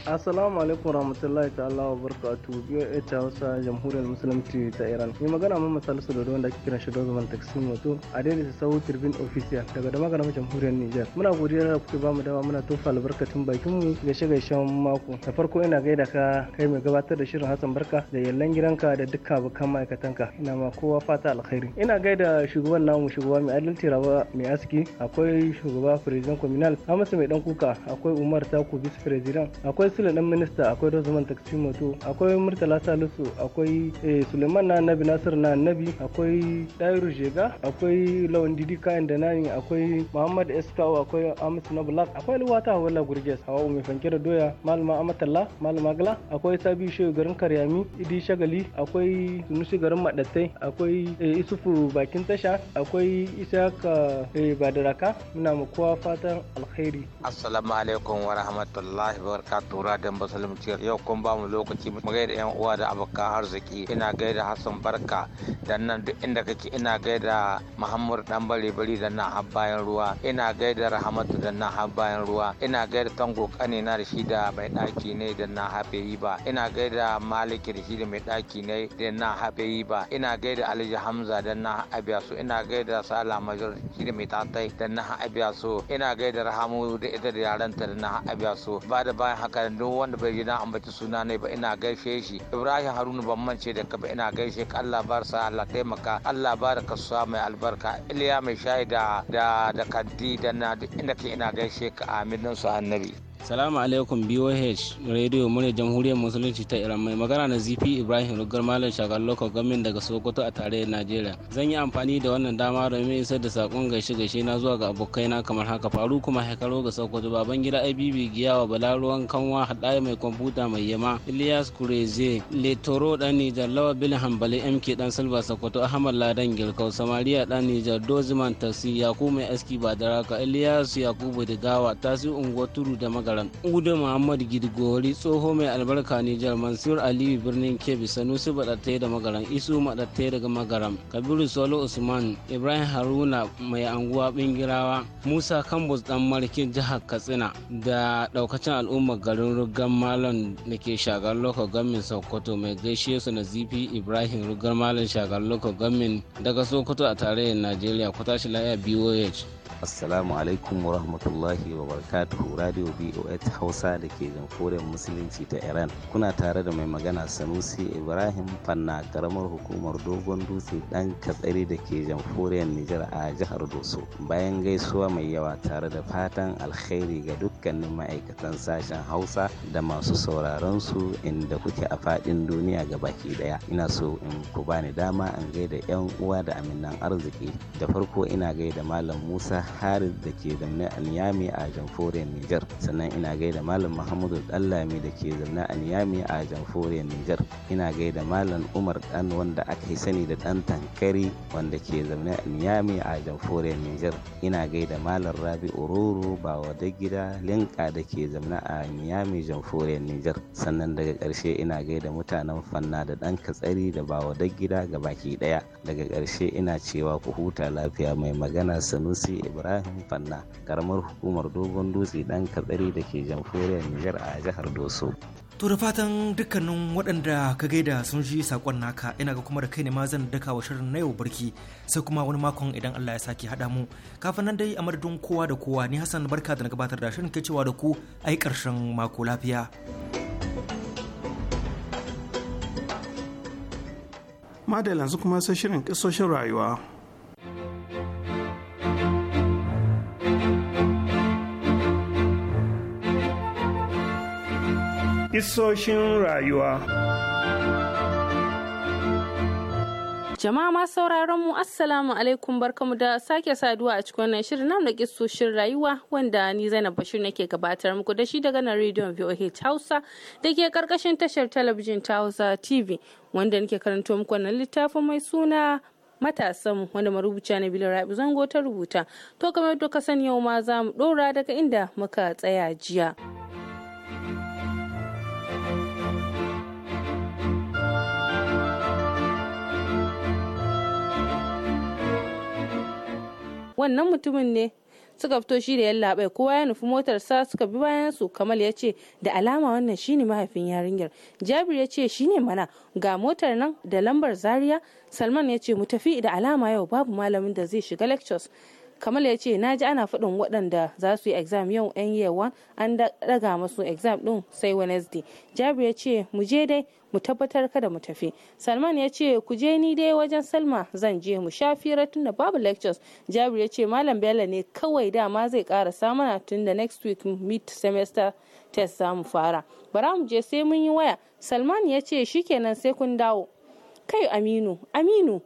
Assalamu alaikum warahmatullahi ta'ala wa barakatuhu biyo a ta Hausa Jamhuriyar Musulunci ta Iran. Ni magana mun misali su da wanda ake kiran shi Dozoman Taksim Moto a daidai su sahu Turbin Official daga da maganar Jamhuriyar Nijar. Muna godiyar da kuke bamu dama muna tofa albarkatun bakin mu gaishe gaishen mako. Da farko ina gaida ka kai mai gabatar da shirin Hassan Barka da yallan gidanka da dukkan abokan ma'aikatanka. Ina ma kowa fata alkhairi. Ina gaida shugaban namu shugaba mai adalci raba mai aski akwai shugaba President Communal Amsa mai dan kuka akwai Umar Taku Vice President akwai akwai sule dan minista akwai taksi moto akwai murtala salisu akwai eh, suleiman na annabi nasir na annabi akwai dairu shega akwai lawan didi kayan da nani akwai muhammad eskawa akwai amis na bulak akwai luwata wala gurges hawa mai fanke da doya malama amatalla malama gala akwai sabi shehu garin karyami idi shagali akwai sunusi garin madattai akwai eh, isufu bakin tasha akwai isaka eh, badaraka muna mu kowa fatan alkhairi
assalamu alaikum wa rahmatullahi wa barakatuh tura da basalim yau kun ba mu lokaci mu gaida yan uwa da abokan arziki ina gaida hassan barka dan nan duk inda kake ina gaida muhammad dan bare bari da nan har bayan ruwa ina gaida rahmatu da nan har bayan ruwa ina gaida tango kane na da shi da mai daki ne da nan hafe yi ba ina gaida maliki da shi da mai daki ne da nan hafe yi ba ina gaida alhaji hamza da nan abiya su ina gaida sala major shi da mai tatai da nan abiya su ina gaida rahamu da ita da yaranta da nan abiya su ba da bayan haka karin duk wanda bai an ambaci suna ne ba ina gaishe shi ibrahim haruna ban mance da ka ba ina gaishe ka allah sa allah taimaka allah ka suwa mai albarka iliya mai shaida da da da kaddi da na duk inda ke ina gaishe ka amin su annabi. Salamu alaikum BOH Radio Murya Jamhuriyar Musulunci ta Iran mai magana na ZP Ibrahim Rugar Malam Shagar Local Gamin daga Sokoto a tarayyar Najeriya. Zan yi amfani da wannan dama domin isar da sakon gaishe gaishe na zuwa ga abokaina kamar haka faru kuma haikaro ga Sokoto baban gida IBB Giyawa Balaruwan Kanwa haɗaya mai kwamfuta mai yama ilias Kureze Letoro dan Nijar Lawa Bil Hambali MK dan Silva Sokoto Ahmad Ladan Girkau Samariya dan Nijar Doziman Tasi Yakubu mai aski Badaraka ilias Yakubu gawa Tasi Unguwa Turu da magana magaran uda muhammad gidgori tsoho mai albarka nijar mansur aliyu birnin kebbi sanusi baɗatai da magaran isu maɗatai daga magaran kabiru solo usman ibrahim haruna mai anguwa bingirawa musa kambus dan markin jihar katsina da ɗaukacin al'ummar garin Rugar malam da ke shagar loko gamin sokoto mai gaishe su na zifi ibrahim rugar malam shagar loko gamin daga sokoto a tarayyar najeriya ku tashi laya boh assalamu
alaikum wa rahmatullahi wa barakatuhu radio boh hausa da ke jamhuriyar musulunci ta iran kuna tare da mai magana sanusi ibrahim fanna karamar hukumar dogon dutse dan katsari da ke jamhuriyar nijar a jihar doso bayan gaisuwa mai yawa tare da fatan alkhairi ga dukkanin ma'aikatan sashen hausa da masu sauraron su inda kuke a fadin duniya ga baki daya ina so in ku bani dama in gaida yan uwa da aminan arziki da farko ina gaida malam musa Haris da ke zaune a Niyami a jamforiyar Nijar. Sannan ina gaida Malam Muhammadu Dallami da ke zaune a Niyami a jamforiyar Nijar. Ina gaida Malam Umar Dan wanda aka yi sani da Dan Tankari wanda ke zaune a Niyami a jamforiyar Nijar. Ina gaida Malam Rabi Ororo Bawa da gida Linka da ke zaune a Niyami jamforiyar Nijar. Sannan daga ƙarshe ina gaida mutanen Fanna da Dan Katsari da Bawa da gida gabaki ɗaya. Daga ƙarshe ina cewa ku huta lafiya mai magana Sanusi Ibrahim. ibrahim fanna karamar hukumar dogon dutse dan katsari da ke jamhuriyar nijar a jihar doso
to da fatan dukkanin waɗanda ka gaida sun ji sakon naka ina ga kuma da kai ne ma zan daka wa shirin na yau barki sai kuma wani makon idan Allah ya sake haɗa mu kafin nan dai a madadin kowa da kowa ni Hassan barka da na gabatar da shirin cewa da ku a yi ƙarshen mako lafiya madalla yanzu kuma sai
shirin kisoshin rayuwa Isoshin rayuwa.
Jama'a ma sauraron mu Assalamu alaikum barkamu da sake saduwa a cikin wannan shirin nan da kisoshin rayuwa wanda ni Zainab Bashir nake gabatar muku da shi daga nan rediyon VOH Hausa da ke karkashin tashar talabijin ta Hausa TV wanda nake karanto muku wannan littafin mai suna matasan wanda marubuciya na bilin rabi zango ta rubuta to kamar yadda ka sani yau ma za mu daga inda muka tsaya jiya. wannan mutumin ne suka fito shi da yallaɓai kowa ya nufi motarsa suka bi bayan su kamal ya ce da alama wannan shine mahaifin yarinyar jabir ya ce shine mana ga motar nan da lambar zaria salman ya ce mu tafi da alama yau babu malamin da zai shiga lectures kamal ya ce na ji ana faɗin waɗanda za su yi exam yau yan yewan an daga masu exam ɗin sai wednesday jabir ya ce mu je dai mu tabbatar kada mu tafi salman ya ce ku je ni dai wajen salma zan je mu sha fira tun da babu lectures jabir ya ce malam bello ne kawai dama zai ƙara samana tun da next week mid semester test za mu fara bara mu je sai mun yi waya salman ya ce shikenan sai kun dawo kai aminu aminu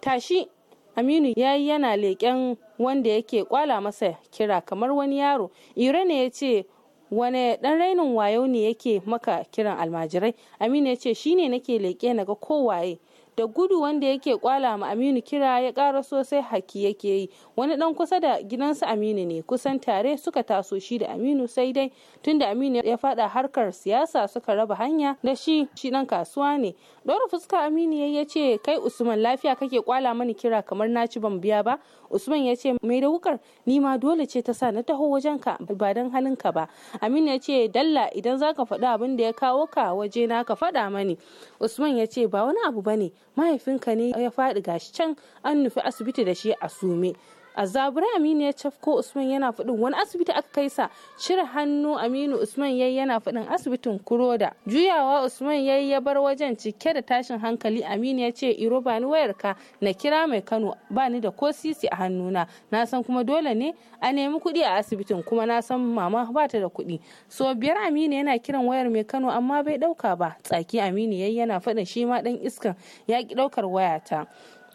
tashi aminu ya yi yana leƙen wanda yake kwala masa kira kamar wani yaro ire ne ya ce wane dan rainin wayo ne yake maka kiran almajirai aminu ya ce shine nake leƙe naga kowaye da gudu wanda yake kwala ma aminu kira ya ƙara sosai haki yake yi wani dan kusa da gidansa aminu ne kusan tare suka taso shi da aminu sai dai tunda aminu ya fada harkar siyasa suka raba hanya da shi shi dan kasuwa ne ɗora fuska aminu ya ce kai usman lafiya kake kwala mani kira kamar na ci ban biya ba usman ya ce mai da wukar ni ma dole ce ta sa na taho wajen ka ba don halin ka ba aminu ya ce dalla idan zaka faɗi abin da ya kawo ka waje na ka faɗa mani usman ya ce ba wani abu bane mahaifinka ne ya faɗi gashi can an nufi asibiti da shi a sume a zabura aminu ya cafko usman yana faɗin wani asibiti aka kai sa cire hannu aminu usman yayi yana faɗin asibitin kuroda juyawa usman yayi ya bar wajen cike da tashin hankali aminu ya ce iro ba ni ka na kira mai kano ba ni da ko sisi a hannuna na san kuma dole ne a nemi kuɗi a asibitin kuma na san mama ba ta da kuɗi so biyar aminu yana kiran wayar mai kano amma bai ɗauka ba tsaki aminu yayi yana faɗin shi ma ɗan iskan ya ki ɗaukar wayata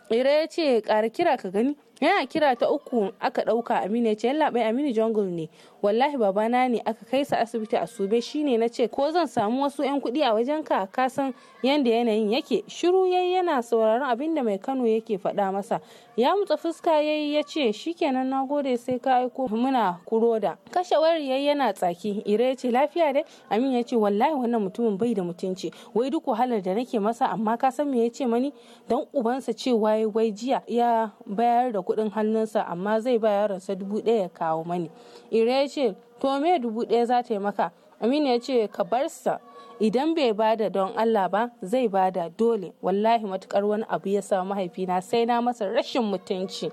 ire ya ce ƙara kira ka gani yana kira ta uku aka ɗauka aminu ya ce yallaɓai aminu jungle ne wallahi babana ne aka kai sa asibiti a sube shine na ce ko zan samu wasu 'yan kuɗi a wajen ka ka san yanda yanayin yake shiru yayi yana sauraron abin da mai kano yake faɗa masa ya mutsa fuska yayi ya ce shikenan na gode sai ka aiko muna kuro da kashe wayar yayi yana tsaki ire ya ce lafiya dai amin ya ce wallahi wannan mutumin bai da mutunci wai duk wahalar da nake masa amma ka san me ya ce mani dan ubansa cewa ya wai jiya ya bayar da kuɗin hannunsa amma zai bayar sa dubu ɗaya ya kawo mani ire ce to me dubu ɗaya za ta yi maka aminu ya ce ka bar sa idan bai bada don allah ba zai bada dole wallahi matukar wani abu ya sa mahaifina sai na masa rashin mutunci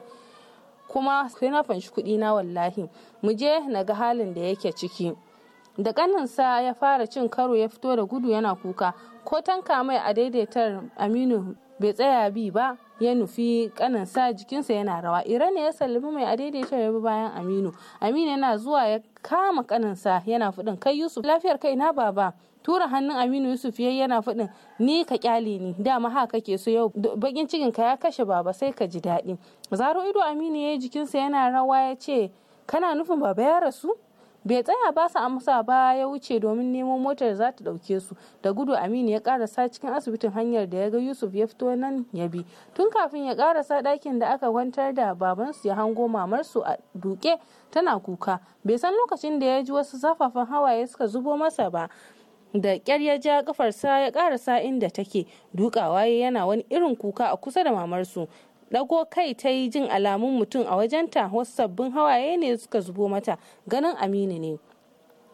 kuma sai na fanshi kuɗi na wallahi mu je na ga halin da yake ciki da ƙaninsa ya fara cin karo ya fito da gudu yana kuka ko tanka mai a daidaitar aminu bai tsaya bi ba ya nufi kaninsa jikinsa yana rawa ira ne ya sallami mai adaidaita ya bi bayan aminu aminu yana zuwa ya kama kaninsa yana fudin kai yusuf lafiyar kai na baba tura hannun aminu yusuf yayi yana faɗin ni ka kyale ni dama haka kake so yau bakin cikin ka ya kashe baba sai ka ji daɗi zaro ido aminu yayi jikinsa yana rawa ya ce kana nufin baba ya rasu bai tsaya ba su amsa ba ya wuce domin neman motar za ta ɗauke su da gudu aminu ya karasa cikin asibitin hanyar da ya ga yusuf ya fito nan ya bi tun kafin ya karasa dakin da aka kwantar da babansu ya hango mamarsu a duke tana kuka bai san lokacin da ya ji wasu zafafan hawaye suka zubo masa ba da ƙyar ya ja kafarsa ya karasa inda take dukawa yana wani irin kuka a kusa da mamarsu dago kai ta yi jin alamun mutum a wajenta wasu sabbin hawaye ne suka zubo mata ganin aminu ne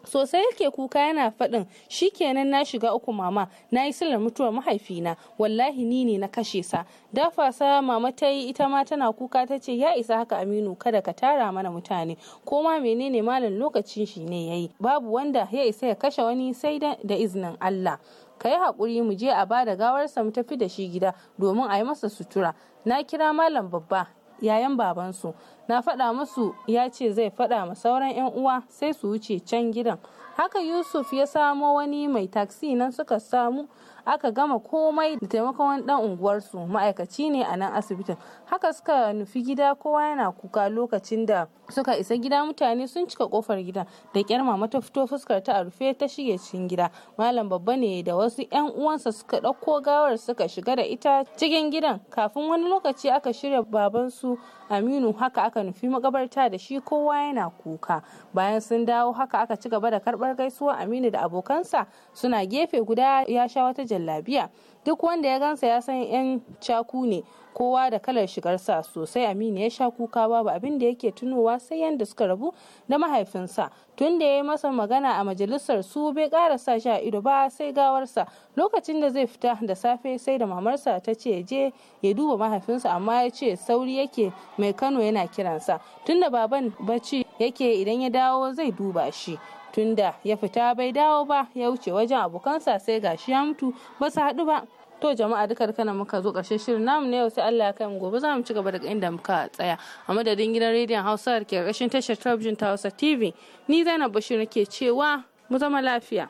sosai yake kuka yana faɗin shi kenan na shiga uku mama na yi silar mutuwar mahaifina wallahi ni ne na kashe sa dafasa mama ta yi ita ma tana kuka ta ce ya isa haka aminu kada ka tara mana mutane ko ma menene malam lokacin shi ne ya yi babu wanda ya isa ya kashe wani sai da izinin allah ka yi haƙuri mu je a ba da gawarsa mu tafi da shi gida domin a yi masa sutura na kira malam babba yayan babansu na faɗa musu ya ce zai faɗa ma sauran 'yan uwa sai su wuce can gidan haka yusuf ya samo wani mai taksi nan suka samu aka gama komai da taimakon wani dan unguwarsu ma'aikaci ne a nan asibitin haka suka nufi gida kowa yana kuka lokacin da suka isa gida mutane sun cika kofar gida da kyar mama ta fito fuskar ta a rufe ta shige cikin gida malam babba ne da wasu yan uwansa suka ɗauko gawar suka shiga da ita cikin gidan kafin wani lokaci aka shirya baban su aminu haka aka aka nufi makabarta da shi kowa yana kuka bayan sun dawo haka aka ci gaba da karbar gaisuwa aminu da abokansa suna gefe guda ya sha wata jallabiya duk wanda ya gansa ya san yan caku ne kowa da kalar shigarsa sosai aminu ya sha kuka babu abin da yake tunowa sai yadda suka rabu da mahaifinsa tun da ya yi masa magana a majalisar su bai kara sa shi a ido ba sai gawarsa lokacin da zai fita da safe sai da mamarsa ta ce je ya duba mahaifinsa amma ya ce sauri yake mai kano yana kiransa tun da baban bacci yake idan ya dawo zai duba shi tunda ya fita bai dawo ba ya wuce wajen abokansa sai gashi ya mutu ba su haɗu ba to jama'a duka duka muka zo karshen shirin namu na yau sai Allah ya kai mu gobe za mu ci gaba daga inda muka tsaya a madadin gidan rediyon Hausa ke ƙarshen tashar talabijin ta Hausa TV ni Zainab Bashir nake cewa mu zama lafiya.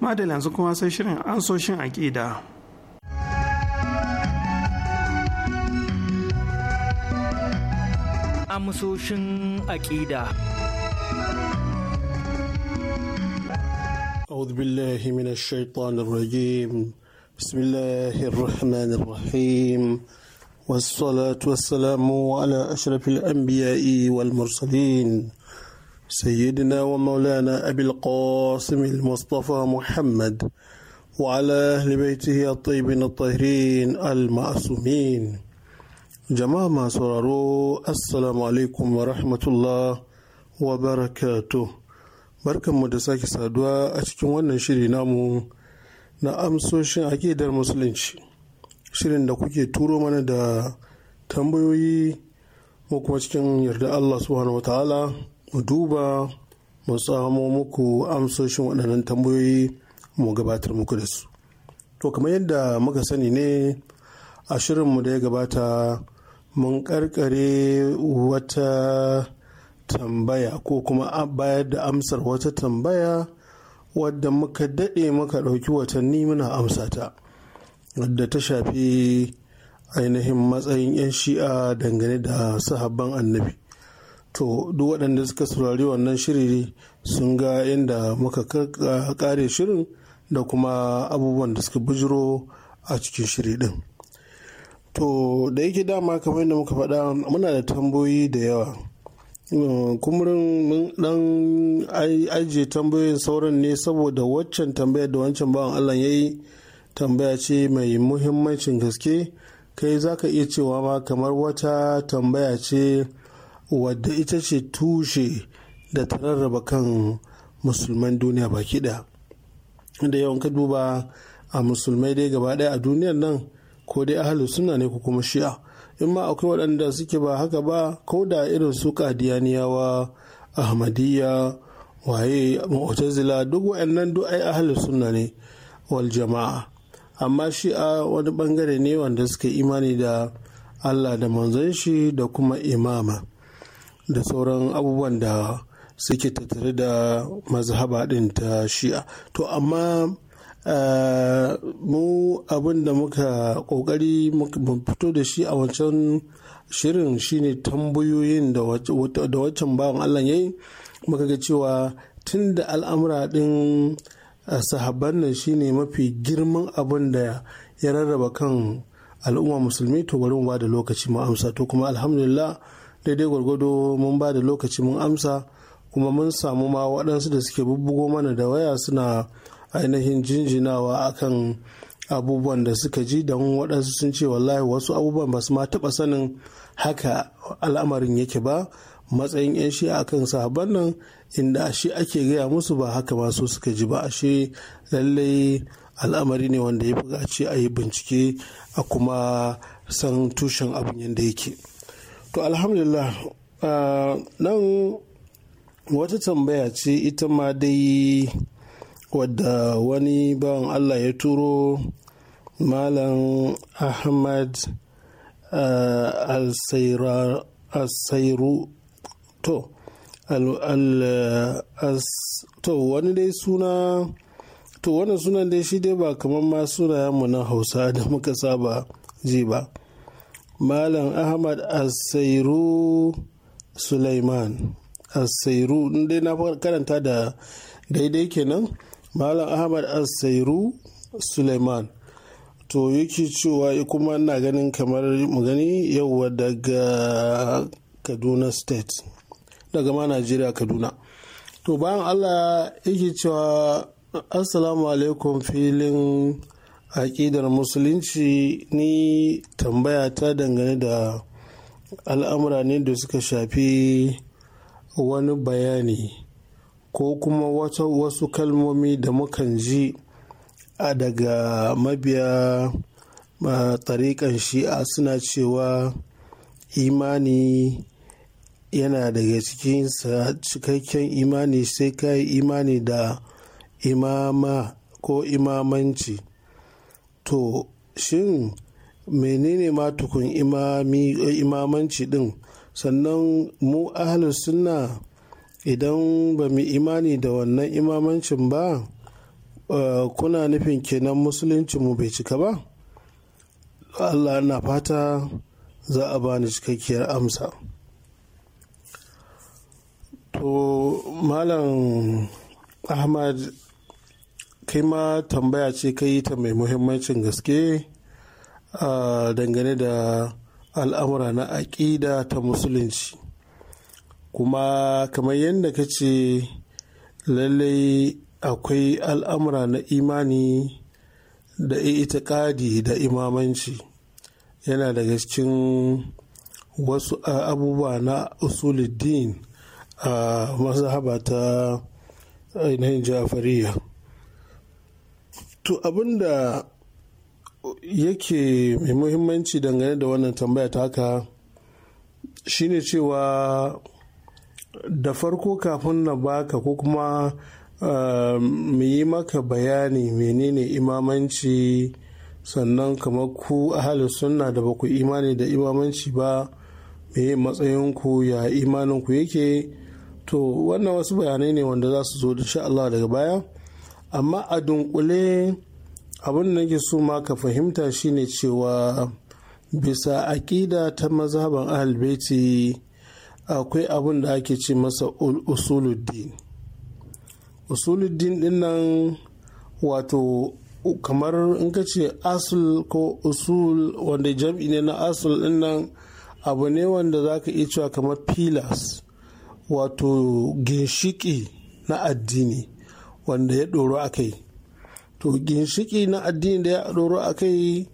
Madalla yanzu kuma sai shirin an so shin aƙida.
amsoshin aƙida.
أعوذ بالله من الشيطان الرجيم بسم الله الرحمن الرحيم والصلاة والسلام على أشرف الأنبياء والمرسلين سيدنا ومولانا أبي القاسم المصطفى محمد وعلى أهل بيته الطيبين الطاهرين المعصومين jama'a masu sauraro assalamu alaikum wa rahmatullah wa barakatu barkanmu da sake saduwa a cikin wannan shiri namu na amsoshin akidar musulunci shirin da kuke turo mana da tambayoyi mu kuma cikin yarda Allah subhanahu wa ta'ala mu duba mu samo muku amsoshin waɗannan tambayoyi mu gabatar muku da su to kamar yadda muka sani ne a shirinmu da ya gabata mun karkare wata tambaya ko kuma bayar da amsar wata tambaya wadda muka daɗe muka ɗauki watanni muna amsa ta wadda ta shafi ainihin matsayin 'yan shi'a dangane da sahabban annabi to duk waɗanda suka saurari wannan shiri sun ga inda muka kare shirin da kuma abubuwan da suka bujiro a cikin shiri ɗin. to da yake dama kamar yadda muka faɗa muna da tamboyi da yawa kumrin mun dan ajiye tambayoyin sauran ne saboda waccan tambayar da wancan bawan allah ya yi tambaya ce mai muhimmancin gaske kai za ka iya cewa ma kamar wata tambaya ce wadda ita ce tushe da ta rarraba kan musulman duniya baki ɗaya da yawan ka duba a musulmai dai gaba ɗaya a duniyar nan ko dai ahalu suna ne ko kuma shi'a in ma akwai waɗanda suke ba haka ba ko da irin su kadiyaniyawa ahmadiyya waye mu'tazila duk waɗannan duk ai ahalu suna ne wal jama'a amma shi'a wani bangare ne wanda suke imani da allah da manzon shi da kuma imama da sauran abubuwan da suke tattare da mazhaba ɗin ta shi'a to amma Eh, mu abin da muka kokari fito da shi a wancan shirin shine tambayoyin da waccan bawan allah ya yi muka ga cewa tun da al'amura ɗin eh, sahabban nan shine mafi girman abin da ya rarraba kan al'umma musulmi to bari mu ba da lokaci mu amsa to kuma alhamdulillah daidai gwargwado mun ba da lokaci mun amsa kuma mun samu ma waɗansu da suke bubbugo mana da waya suna ainihin jinjinawa akan abubuwan da suka ji don waɗansu sun ce wallahi wasu abubuwan ba su ma taɓa sanin haka al'amarin yake ba matsayin 'yan shi a kan sahabban nan inda shi ake gaya musu ba haka ma su suka ji ba ashe lallai al'amari ne wanda ya buƙaci a yi bincike a kuma san tushen abin yadda yake to alhamdulillah ah, nan wata tambaya ce ita ma dai wadda wani bawan Allah ya turo Malam Ahmad eh, al to wani dai suna to wani sunan dai shi dai ba kamar ma mu na hausa da muka saba ji ba malam ahmad asairu suleiman asairu dai na karanta da daidai kenan malam ahmad asairu suleiman to yake cewa kuma na ganin kamar mu gani yauwa daga kaduna state daga ma najeriya kaduna to bayan allah yake cewa assalamu alaikum filin aƙidar musulunci ni tambaya ta dangane da al'amura ne da suka shafi wani bayani ko kuma wasu kalmomi da mukan ji a daga mabiya tariƙan shi'a suna cewa imani yana daga cikinsa cikakken imani sai kayi imani da imama ko imamanci to shin menene ma tukun imamanci din sannan mu ahalar sunna idan ba mu imani da wannan imamancin ba eh, kuna nufin kenan musulunci mu bai cika ba allah na fata za a bani cikakkiyar amsa to malam ahmad kai ma tambaya ce ka yi ta mai muhimmancin gaske eh, dangane da al'amura na aƙida ta musulunci kuma kamar yadda ka ce lallai akwai al'amura na imani da itikadi da imamanci yana daga cikin wasu abubuwa na usuluddin a mazhaba ta ainihin jafariya to abinda yake mai muhimmanci dangane da wannan tambaya ta haka shine cewa da farko kafin na baka ko kuma eh, mu yi maka bayani menene imamanci sannan kamar ku ahalin sunna da baku imani da imamanci ba meye matsayinku ya imaninku yake to wannan wasu bayanai ne wanda za su zo sha Allah daga baya amma a dunkule abin da nake so ma ka fahimta shine cewa bisa aƙida ta mazhaban ahalbeti akwai abin da ake ce masa usuluddin usuluddin din nan wato kamar in ka ce asul ko usul wanda jam'i ne na asul din nan abu ne wanda za ka iya cewa kamar pillars wato ginshiki na addini wanda ya ɗoro a kai to ginshiki na addini da ya ɗoro a kai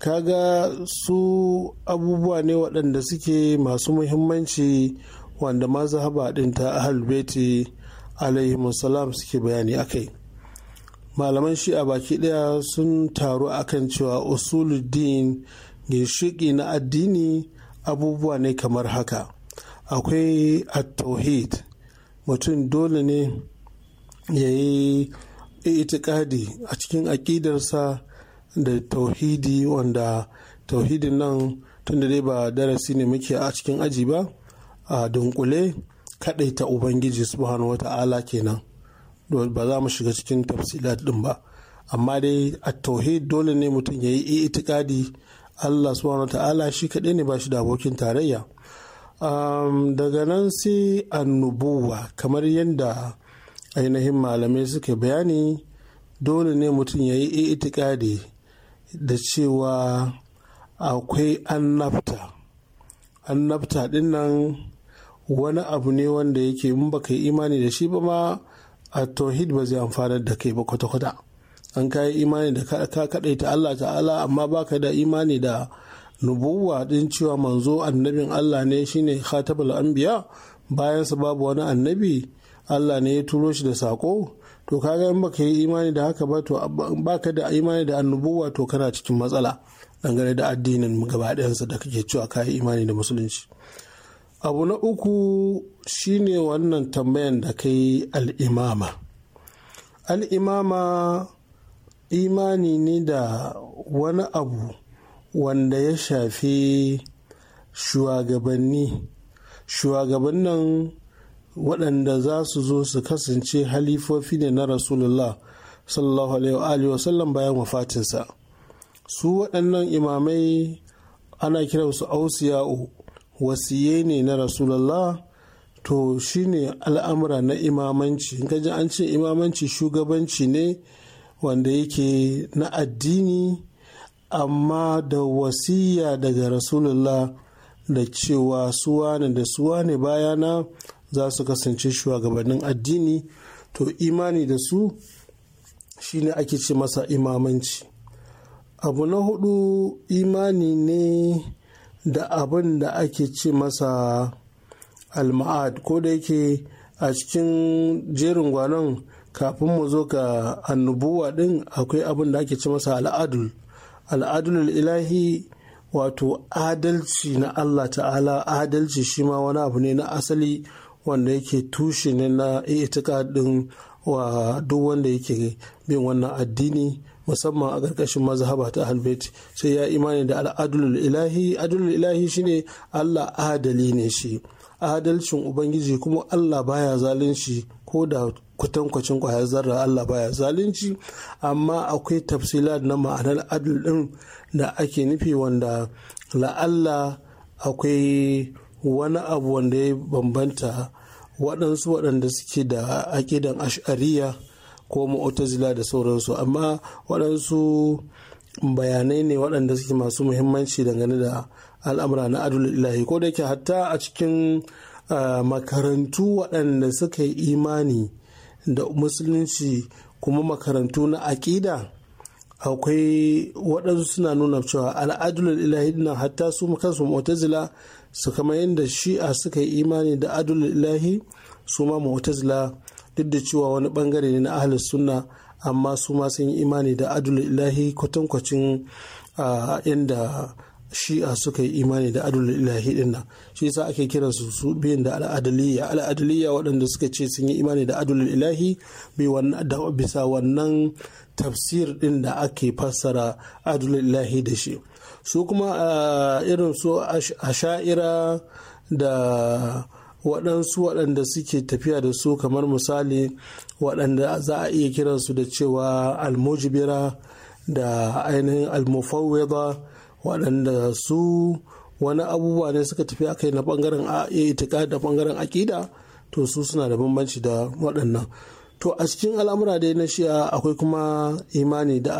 kaga su abubuwa ne waɗanda suke masu muhimmanci wanda masu haba ɗinta ahalbeti alaihi salam suke bayani akai malaman shi a baki ɗaya sun taru akan cewa usuluddin ginshiƙi na addini abubuwa ne kamar haka akwai at-tauhid mutum dole ne ya yi itikadi a cikin aƙidarsa da tauhidi wanda tauhidin nan tun da dai ba darasi ne muke a cikin aji ba a dunkule ta ubangiji subhanahu ta'ala kenan ba za mu shiga cikin tafsilat din ba amma dai a tauhid dole ne mutum ya yi itikadi allah subhanahu ta'ala shi kaɗai ne ba shi da abokin tarayya daga nan sai annubuwa kamar yadda ainihin malamai suka bayani dole ne mutum ya yi itikadi da cewa akwai annabta annabta din nan wani abu ne wanda yake in baka yi imani da shi ba ma a tauhid ba zai amfana da kai ba kwata-kwata an yi imani da ka ta Allah ta'ala amma ba ka da imani da nubuwa din cewa manzo annabin Allah ne shine khatabul anbiya bayan sa babu wani annabi Allah ne ya turo shi da saƙo? to kaga in baka yi imani da haka ba to baka da imani da annubuwa to kana cikin matsala dangane da addinin gaba ɗayansa da kake cewa ka yi imani da musulunci abu na uku shine wannan tambayan da ka yi al'imama al'imama imani ne da wani abu wanda ya shafi shugabanni shugabannin waɗanda za su zo su kasance halifofi ne na rasulullah sallallahu alaihi wasallam bayan wafatinsa su waɗannan imamai ana kiransu ausiya'u wasiye ne na rasulullah to shine al'amura na imamanci gaji an ce imamanci shugabanci ne wanda yake na addini amma da wasiya daga rasulullah da cewa suwa ne da suwa ne bayana za su kasance shugabannin addini to imani da su shine ake ce masa imamanci abu na hudu imani ne da abin da ake ce masa alma'ad ko da yake a cikin jerin gwanon kafin mu zo ga annubuwa din akwai abin da ake ce masa al'adul al'adul ilahi wato adalci na Allah ta'ala adalci shi ma wani abu ne na asali wanda yake tushe ne na itikadin wa duk wanda yake bin wannan addini musamman a ƙarƙashin mazhaba ta halbet sai ya imani da al'adulul ilahi adulul ilahi shine Allah adali ne shi adalcin ubangiji kuma Allah baya zalunci ko da kwatankwacin kwayar zarra Allah baya zalunci amma akwai tafsila na ma'anar adul din da ake nufi wanda la'alla akwai wani abu wanda ya bambanta waɗansu waɗanda suke da aƙidan ash'ariya ko mu'tazila da sauransu amma waɗansu bayanai ne waɗanda suke masu muhimmanci dangane da al'amura na ilahi ko da yake hatta a cikin makarantu waɗanda suka yi imani da musulunci kuma makarantu na aƙida akwai waɗansu suna nuna cewa al'adunan ilahi dinnan hatta su kansu mu'tazila su kama yadda shi'a suka yi imani da adul ilahi su ma mu'tazila duk da cewa wani bangare ne na ahlus sunna amma su ma sun yi imani da adul ilahi kwatankwacin yadda shi'a suka yi imani da adul ilahi din nan shi yasa ake kiran su su biyan da al'adaliya al'adaliya waɗanda suka ce sun yi imani da adul ilahi bisa wannan tafsir din da ake fassara adul ilahi da shi su kuma ah, irin su sha'ira da waɗansu waɗanda suke tafiya da su kamar misali waɗanda za a iya kiransu da cewa almujibira da ainihin almufawwida waɗanda su wani abubuwa ne suka tafi a kai na ɓangaren ah, itika da ɓangaren aƙida to su suna da bambanci da waɗannan to a cikin al'amura dai na shi'a akwai kuma imani da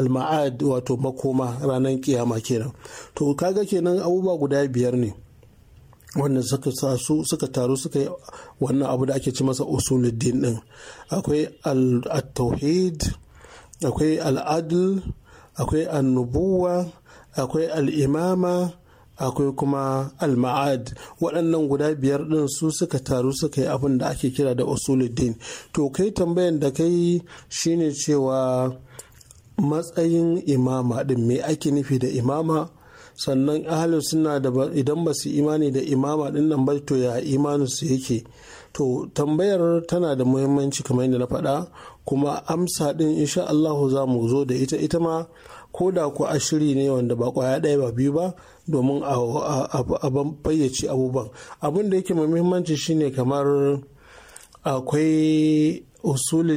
al-ma'ad wato makoma ranar kiyama kenan to kaga kenan abubuwa guda biyar ne wannan suka su suka taru suka yi wannan abu da ake ci masa usuluddin din akwai al-tauhid akwai al-adl akwai annubuwa akwai al-imama akwai kuma alma'ad waɗannan guda biyar ɗin su suka taru suka yi abin da ake kira da usuluddin to kai tambayan da kai shine cewa matsayin imama ɗin me ake nufi da imama sannan ahalin suna da idan ba su imani da imama ɗin nan ba to ya imaninsu yake to tambayar tana da muhimmanci kamar yadda na faɗa kuma amsa ɗin insha Allahu za mu zo da ita ita ma ko da ku a shiri ne wanda ba kwaya ɗaya ba biyu ba domin a bayyace abubuwan abin da yake muhimmanci shine kamar akwai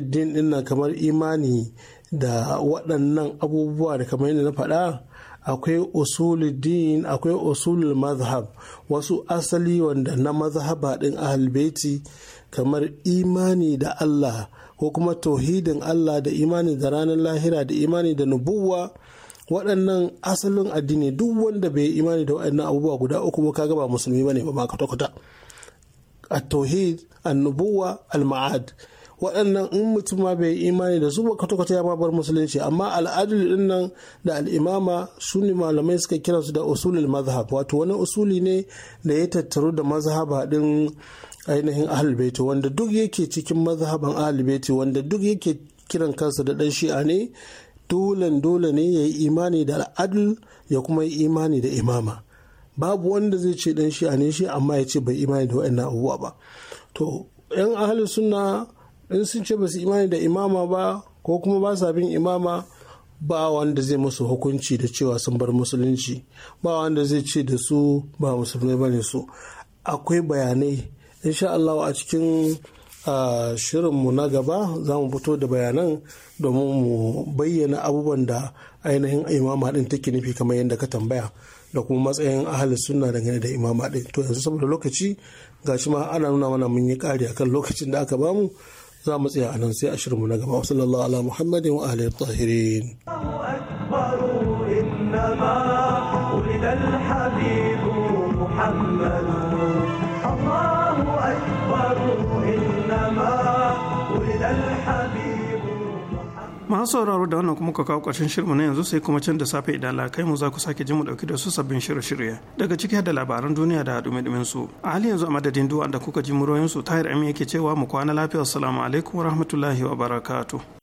din dinnan kamar imani da waɗannan abubuwa da kamar yadda na faɗa akwai usuluddin akwai usulul mazhab wasu asali wanda na mazhaba ɗin ahalbeti kamar imani da Allah ko kuma tauhidin Allah da imani da ranar lahira da imani da nubuwa waɗannan asalin addini duk wanda bai imani da waɗannan abubuwa guda uku ba kaga ba musulmi bane ba ma kwata-kwata a tauhid an-nubuwa al waɗannan in mutum ma bai imani da su ba kwata-kwata ya ma bar musulunci amma al'adul din nan da al'imama su ne malamai suka kira su da usulul mazhab wato wani usuli ne da ya tattaru da mazhaba din ainihin ahalbeti wanda duk yake cikin mazhaban ahalbeti wanda duk yake kiran kansa da dan shi'a ne dolen dole ne ya yi imani da al'adul ya kuma yi imani da imama babu wanda zai ce dan shi'a ne shi amma ya ce bai imani da wa'annan abubuwa ba to yan ahalin sunna in sun ce ba su imani da imama ba ko kuma ba sa bin imama ba wanda zai musu hukunci da cewa sun bar musulunci ba wanda zai ce da su ba musulmai ba ne su akwai bayanai insha Allah a cikin shirinmu na gaba za mu fito da bayanan domin mu bayyana abubuwan da ainihin imama din take nufi kamar yadda ka tambaya da kuma matsayin ahli sunna dangane da imama din to yanzu saboda lokaci ga shi ma ana nuna mana mun yi kari akan lokacin da aka bamu za mu tsaya nan sai a shirinmu na gaba wa sallallahu ala muhammadin wa alihi tahirin
masu sauraro da wannan kuma ka kawo ƙarshen shirinmu na yanzu sai kuma can da safe idan kai mu za ku sake ji mu dauki da su sabbin shirye-shirye daga ciki da labaran duniya da haɗu mai su a hali yanzu a madadin duwa da kuka ji muroyin su tahir amin yake cewa mu kwana lafiya assalamu alaikum wa rahmatullahi wa barakatu.